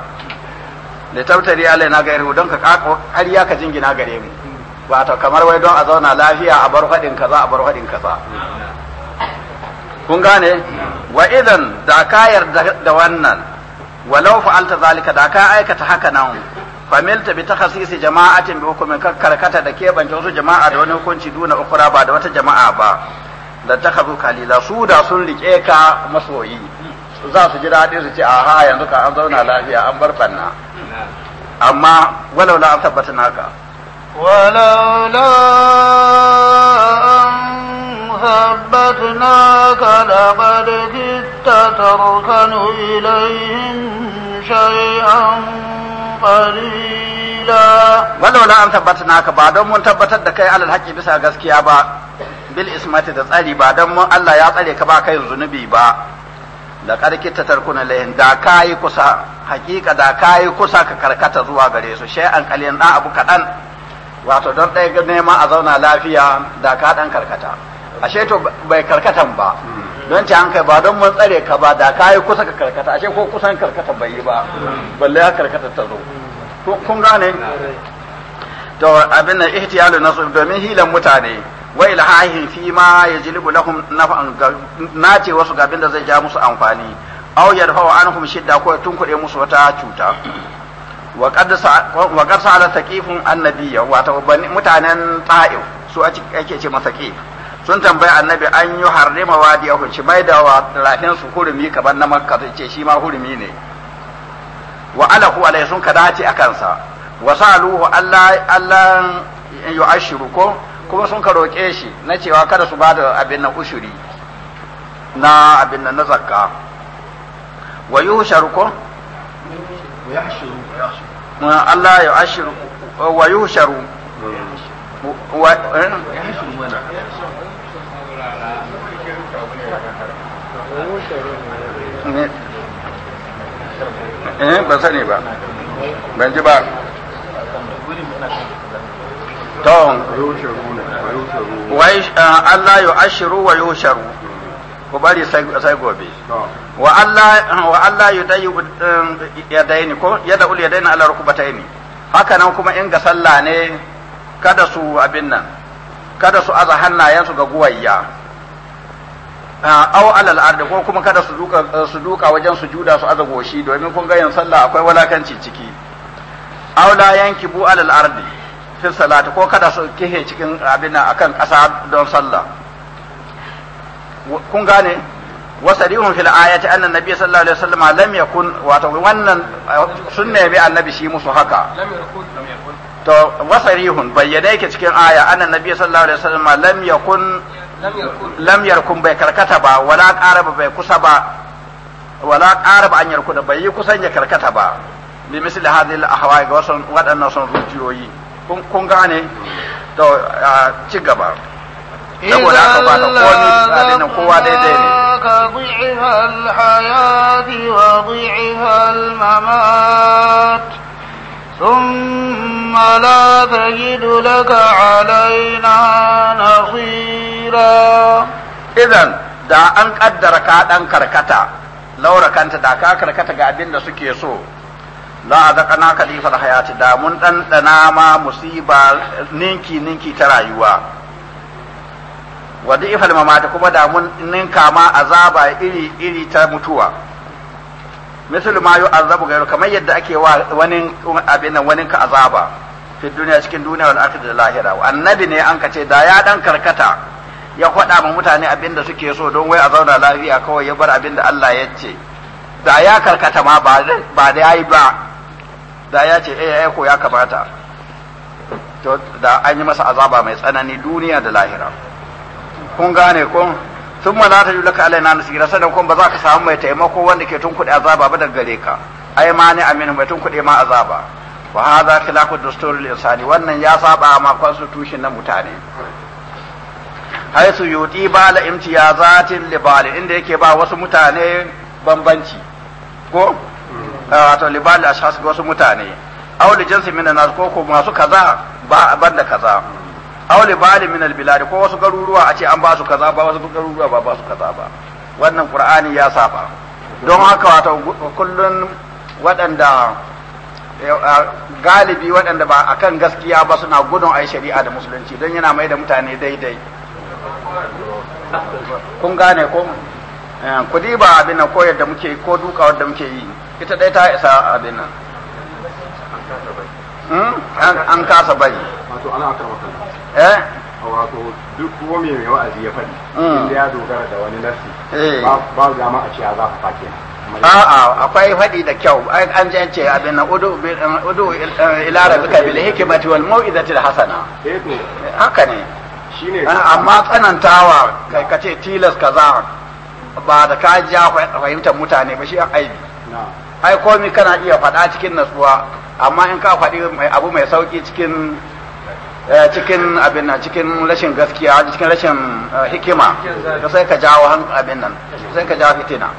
da tabtari alai na gairu don ka kako har ya ka jingina gare mu Ba ta kamar wai don a zauna lafiya a bar faɗin kaza a bar faɗin kaza kun gane wa idan da ka yarda da wannan walau fa'alta zalika da ka aikata haka nan familta bi takhassisi jama'atin bi hukumin karkata da kebance wasu jama'a da wani hukunci duna ukura ba da wata jama'a ba da ta kazu kalila su da sun rike ka masoyi za su ji daɗi su ce aha yanzu ka an zauna lafiya an bar banna amma walaula an tabbata naka walau la an da laqad ta tarkanu ilayhim shay'an qalila Walaula an tabbata naka ba don mun tabbatar da kai alal haƙi bisa gaskiya ba bil ismati da tsari ba dan mun Allah ya tsare ka ba kai zunubi ba da karki ta tarkuna lahin da kai kusa hakika da kai kusa ka karkata zuwa gare su shay an kalin da abu kadan wato don ga nema a zauna lafiya da ka dan karkata ashe to bai karkatan ba don ta an kai ba don mun tsare ka ba da kai kusa ka karkata ashe ko kusan karkata bai yi ba balle ya karkata ta zo kun gane to abin nan ihtiyalu nasu domin hilan mutane wa ilhahin fi ma yajlibu lahum naf'an nace wasu ga abin da zai ja musu amfani aw yarfa'u anhum shidda ko tunkuɗe musu wata cuta wa qad wa qad sa'ala taqifun annabiyya wato mutanen ta'if su ake ce masa qif sun tambayi annabi an yi harrima wadiyahu shi mai da lafin su hurumi kaban na makka ce shi ma hurumi ne wa alahu alai sun kadace akan sa wa sa'aluhu Allah Allah yu'ashiru ko kuma sun ka roƙe shi na cewa kada su bada abin nan ushuri na abin nan na zakka wa yuhsharu ko Allah yu'ashiru wa yuhsharu eh? Eh, ba sani ba ban ji ba to wai ah, Allah ya ashiru wa yusharu ku bari sai gobe wa Allah wa Allah yudayu um, yadaini ko yada ul yadaini ala rukbataini haka nan kuma in ga sallah ne kada su abin nan kada su aza hannayen su ga guwayya ah, au alal ardi ko kuma kada su duka su duka wajen sujuda su aza goshi domin kun ga yin sallah akwai walakanci ciki aw yanki yankibu alal ardi fi salati ko kada su kihe cikin abin akan ƙasa don sallah kun gane wasarihun fil ayati anna nabiy sallallahu alaihi wasallam lam yakun wato wannan sunna bi annabi shi musu haka lam yakun lam yakun to wasarihun bayyana yake cikin aya anna nabiy sallallahu alaihi wasallam lam yakun lam yarkun bai karkata ba wala qaraba bai kusa ba wala qaraba an yarkuda bai yi kusan ya karkata ba bi misli hadhihi al-ahwa ga wasan wadannan son rujiyoyi kun kun gane to ci gaba saboda haka ba ka komi abin nan kowa daidai ne ka dhi'ha al-hayat wa dhi'ha al-mamat ثم لا تجد لك علينا نصيرا إذن da an kaddara ka dan karkata laura kanta da ka karkata ga abin da suke so la kaɗi kalifal hayati da mun ɗanɗana ma musiba ninki ninki ta rayuwa wadda da'ifal mamata kuma da mun ninka ma azaba iri iri ta mutuwa misali ma yu azabu gairu kamar yadda ake wa wani abin nan wani azaba fi duniya cikin duniya wal akhirah da lahira annabi ne an kace da ya dan karkata ya faɗa ma mutane abin da suke so don wai a zauna lafiya kawai ya bar abin da Allah ya ce da ya karkata ma ba da yayi ba da ya ce eh, eh ko ya kamata to da an yi masa azaba mai tsanani duniya da lahira kun gane kun sun ma za ta julaka alaina nasira sannan kun ba za ka samu mai taimako wanda ke tunkuɗe azaba ba daga gare ka ai ma ne amin mai tunkuɗe ma azaba wa hadha khilafu dusturil insani wannan ya saba ma constitution na mutane haisu yuti bala imtiyazatin libali inda yake ba wasu mutane bambanci ko Eh, wato libal ashas ga wasu mutane aw li jinsi min an ko ko masu kaza ba a banda kaza aw li bali min al bilad ko wasu garuruwa a ce an ba su kaza ba wasu garuruwa ba ba su kaza ba wannan qur'ani ya saba don haka wato kullun waɗanda eh, galibi waɗanda ba akan gaskiya ba suna gudun ai shari'a da musulunci don yana mai da mutane daidai kun gane ko eh, kudi ba abin ko yadda muke ko duka wadda muke yi ita dai ta isa abin nan hmm? an kasa bari wato ana akar eh wato duk ko me mai wa'azi ya fadi hmm. inda ya dogara da wani nasi eh. ba ma a ce ya za ka fake a'a akwai faɗi da kyau an ji an ce abin nan udu eh, ila rabbika bil hikmati wal mau'izati al hasana eh, haka ne shine ah, amma tsanantawa kai kace tilas kaza ba da ka ja fahimtar mutane ba shi aibi na'am ai komi kana iya faɗa cikin natsuwa amma in ka faɗi abu mai sauki cikin eh, cikin abin nan cikin rashin gaskiya cikin rashin eh, hikima to sai ka jawo abin nan sai ka jawo fitina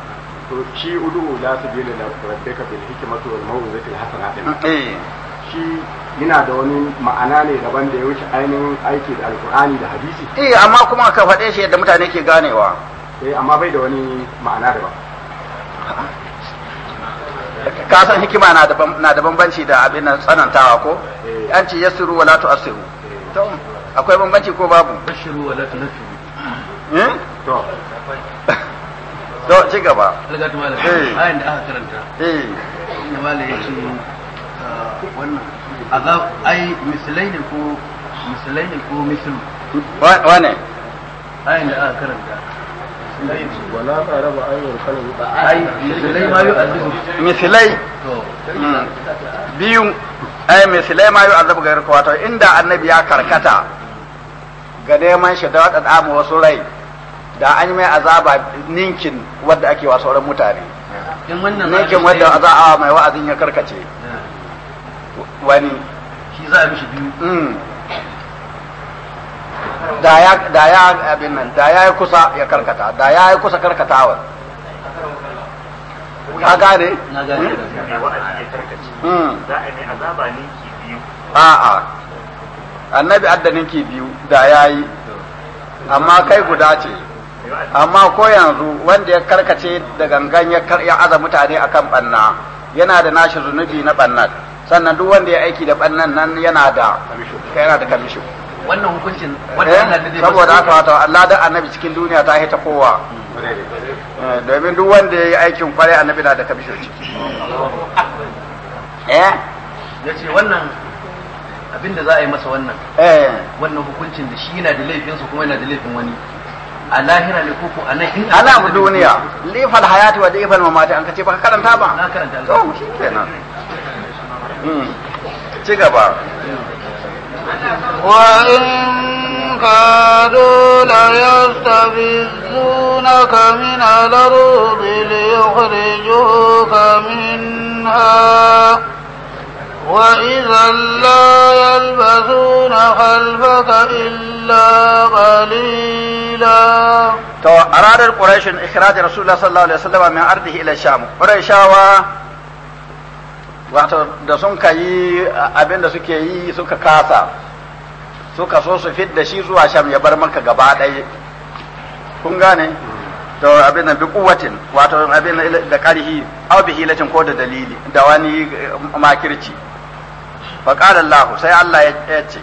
to shi udu la sabila la rabbika bil hikmati wal mau'izati al hasana eh shi yana da wani ma'ana ne daban da ya wuce ainihin aiki da alkur'ani da hadisi eh amma kuma ka faɗe shi yadda mutane ke ganewa eh amma bai da wani ma'ana daban ka san hikima na da bambanci da abin nan tsanantawa ko an ce suru wala asiru to akwai bambanci ko babu asiru wala nafi hmm? to to ci gaba daga tuma da eh. ayin da aka karanta eh inda malai yace ah, wannan azab ai misalai ne ko misalai ne ko misalu wane ayin da aka karanta misilai قرب أن يركن أي مثلي ما biyu ai misilai ma yu'azzabu gairu kawata inda annabi ya karkata ga neman shi da wadda amu wasu rai da an mai azaba ninkin wadda ake wa sauran mutane ninkin wadda azaba mai wa'azin ya karkace wani shi za a mishi biyu hmm. da ya da ya abin nan da ya kusa ya karkata da ya yi kusa karkatawa ka gane na gane za a ne azaba ninki biyu a'a annabi adda ninki biyu da ya yi amma kai guda ce amma ko yanzu wanda ya karkace da gangan ya aza mutane akan banna yana da nashi zunubi na bannan sannan duk wanda ya aiki da bannan nan yana da yana da kamishin wannan hukuncin eh, wannan annabi saboda haka wato Allah da annabi cikin duniya ta hita kowa eh, domin duk wanda yayi aikin kware annabi na da kabisho ciki eh ce wannan abinda za a yi masa wannan eh. wannan hukuncin da shi yana da laifin su kuma yana da laifin wani a lahira ne koko a nan in ala mu duniya lifal hayati wa lifal mamati an kace ka karanta ba na karanta to shi kenan hmm. ci gaba وإن كادوا ليستفزونك من الأرض ليخرجوك منها وإذا لا يلبثون خلفك إلا قليلا تو أراد القريش إخراج رسول الله صلى الله عليه وسلم من أرضه إلى الشام قريشاوة wato da sun ka abin da suke yi suka kasa suka so su fidda shi zuwa sham ya bar maka gaba ɗaya kun gane to abin bi kuwatin wato abin da karhi aw bi hilatin ko da dalili da wani eh, makirci fa qala allah sai allah ya ce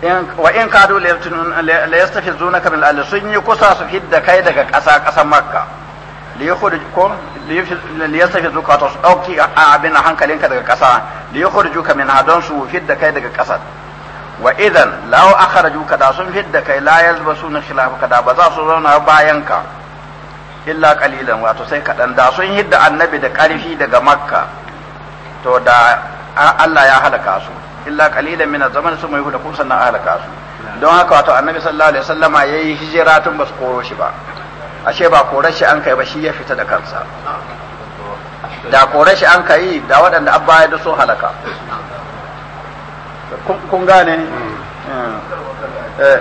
in wa in kadu la yastafizunaka min al sun yi kusa su fidda kai daga ƙasa ƙasar makka li yukhrijuka li yastafizuka to dauki abin hankalinka daga ƙasa li yukhrijuka min hadon su fidda kai daga ƙasar wa idan law ka da sun fidda kai la yalbasuna ka da ba za su zauna bayan ka illa qalilan wato sai kadan da sun hidda annabi da karfi daga makka to da Allah ya halaka su illa qalilan min zaman su mai hudu na halaka su don haka wato annabi sallallahu alaihi wasallama yayi hijira tun ba su koro shi ba ashe ba korar shi an kai ba shi ya fita da kansa da korar shi an kai da waɗanda abba ya da so halaka kun gane mm. ah. eh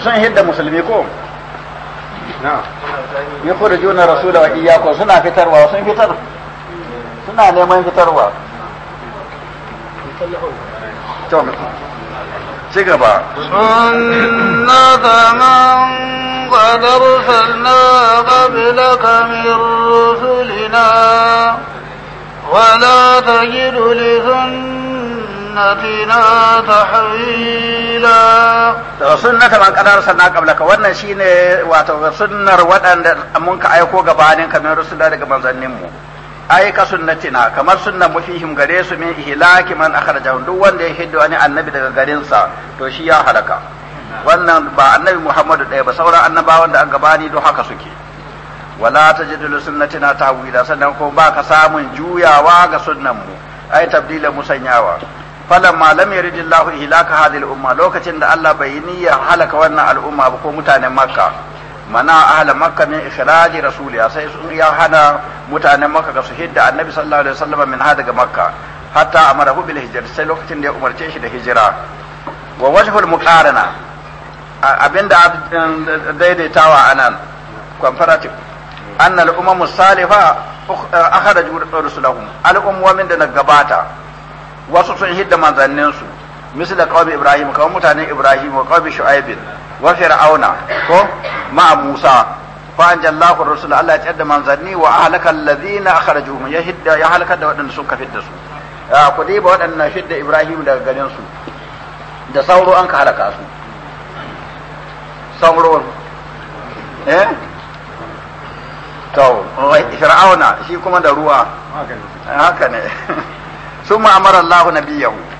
sun hidda musulmi ko ya kuda juna rasula wa iyako suna fitarwa sun fitar suna neman fitarwa ci gaba sun na وقد ارسلنا قبلك من رسلنا ولا تجد لسنتنا تحويلا to sunnata man kadar sanna qablaka wannan shine wato sunnar waɗanda mun ka aiko gabanin kamar rusula daga manzannin mu ai ka sunnatina kamar sunnan mu gare su min ihlaki man akhrajahu duk wanda ya hiddo ani annabi daga garinsa to shi ya halaka wannan ba annabi muhammadu ɗaya ba sauran annabawan da an gabani don haka suke wala tajidu li sunnatina tahwila sannan ko ba ka samun juyawa ga sunnan mu ai tabdila musanyawa malam ya ridin lahu hadhihi al-umma lokacin da Allah bai niyyar halaka wannan al'umma ba ko mutanen makka mana ahla makka min ikhraji rasuliya sai sun ya hana mutanen makka ga su hidda annabi sallallahu alaihi wasallam min hada makka hatta amarahu bil hijr sai lokacin da ya umarce shi da hijira wa wajhul muqarana abin da daidaitawa a nan comparative an al'umma salifa eh, akharaj rusulahum al'ummomin da na gabata wasu sun hidda manzannin su misal qawmi ibrahim kawai mutanen ibrahim wa qawmi shu'aib wa fir'auna ko ma musa fa anjallahu rusul Allah ya da manzanni wa ahlaka alladhina akhrajuhum ya hidda ya halaka da waɗanda suka fidda su ah, ku dai ba waɗannan shidda ibrahim daga ganin su da sauro an ka halaka su samurwan eh to eh, fir'auna shi kuma da ruwa haka ne sun ma'amara Allah nabiyahu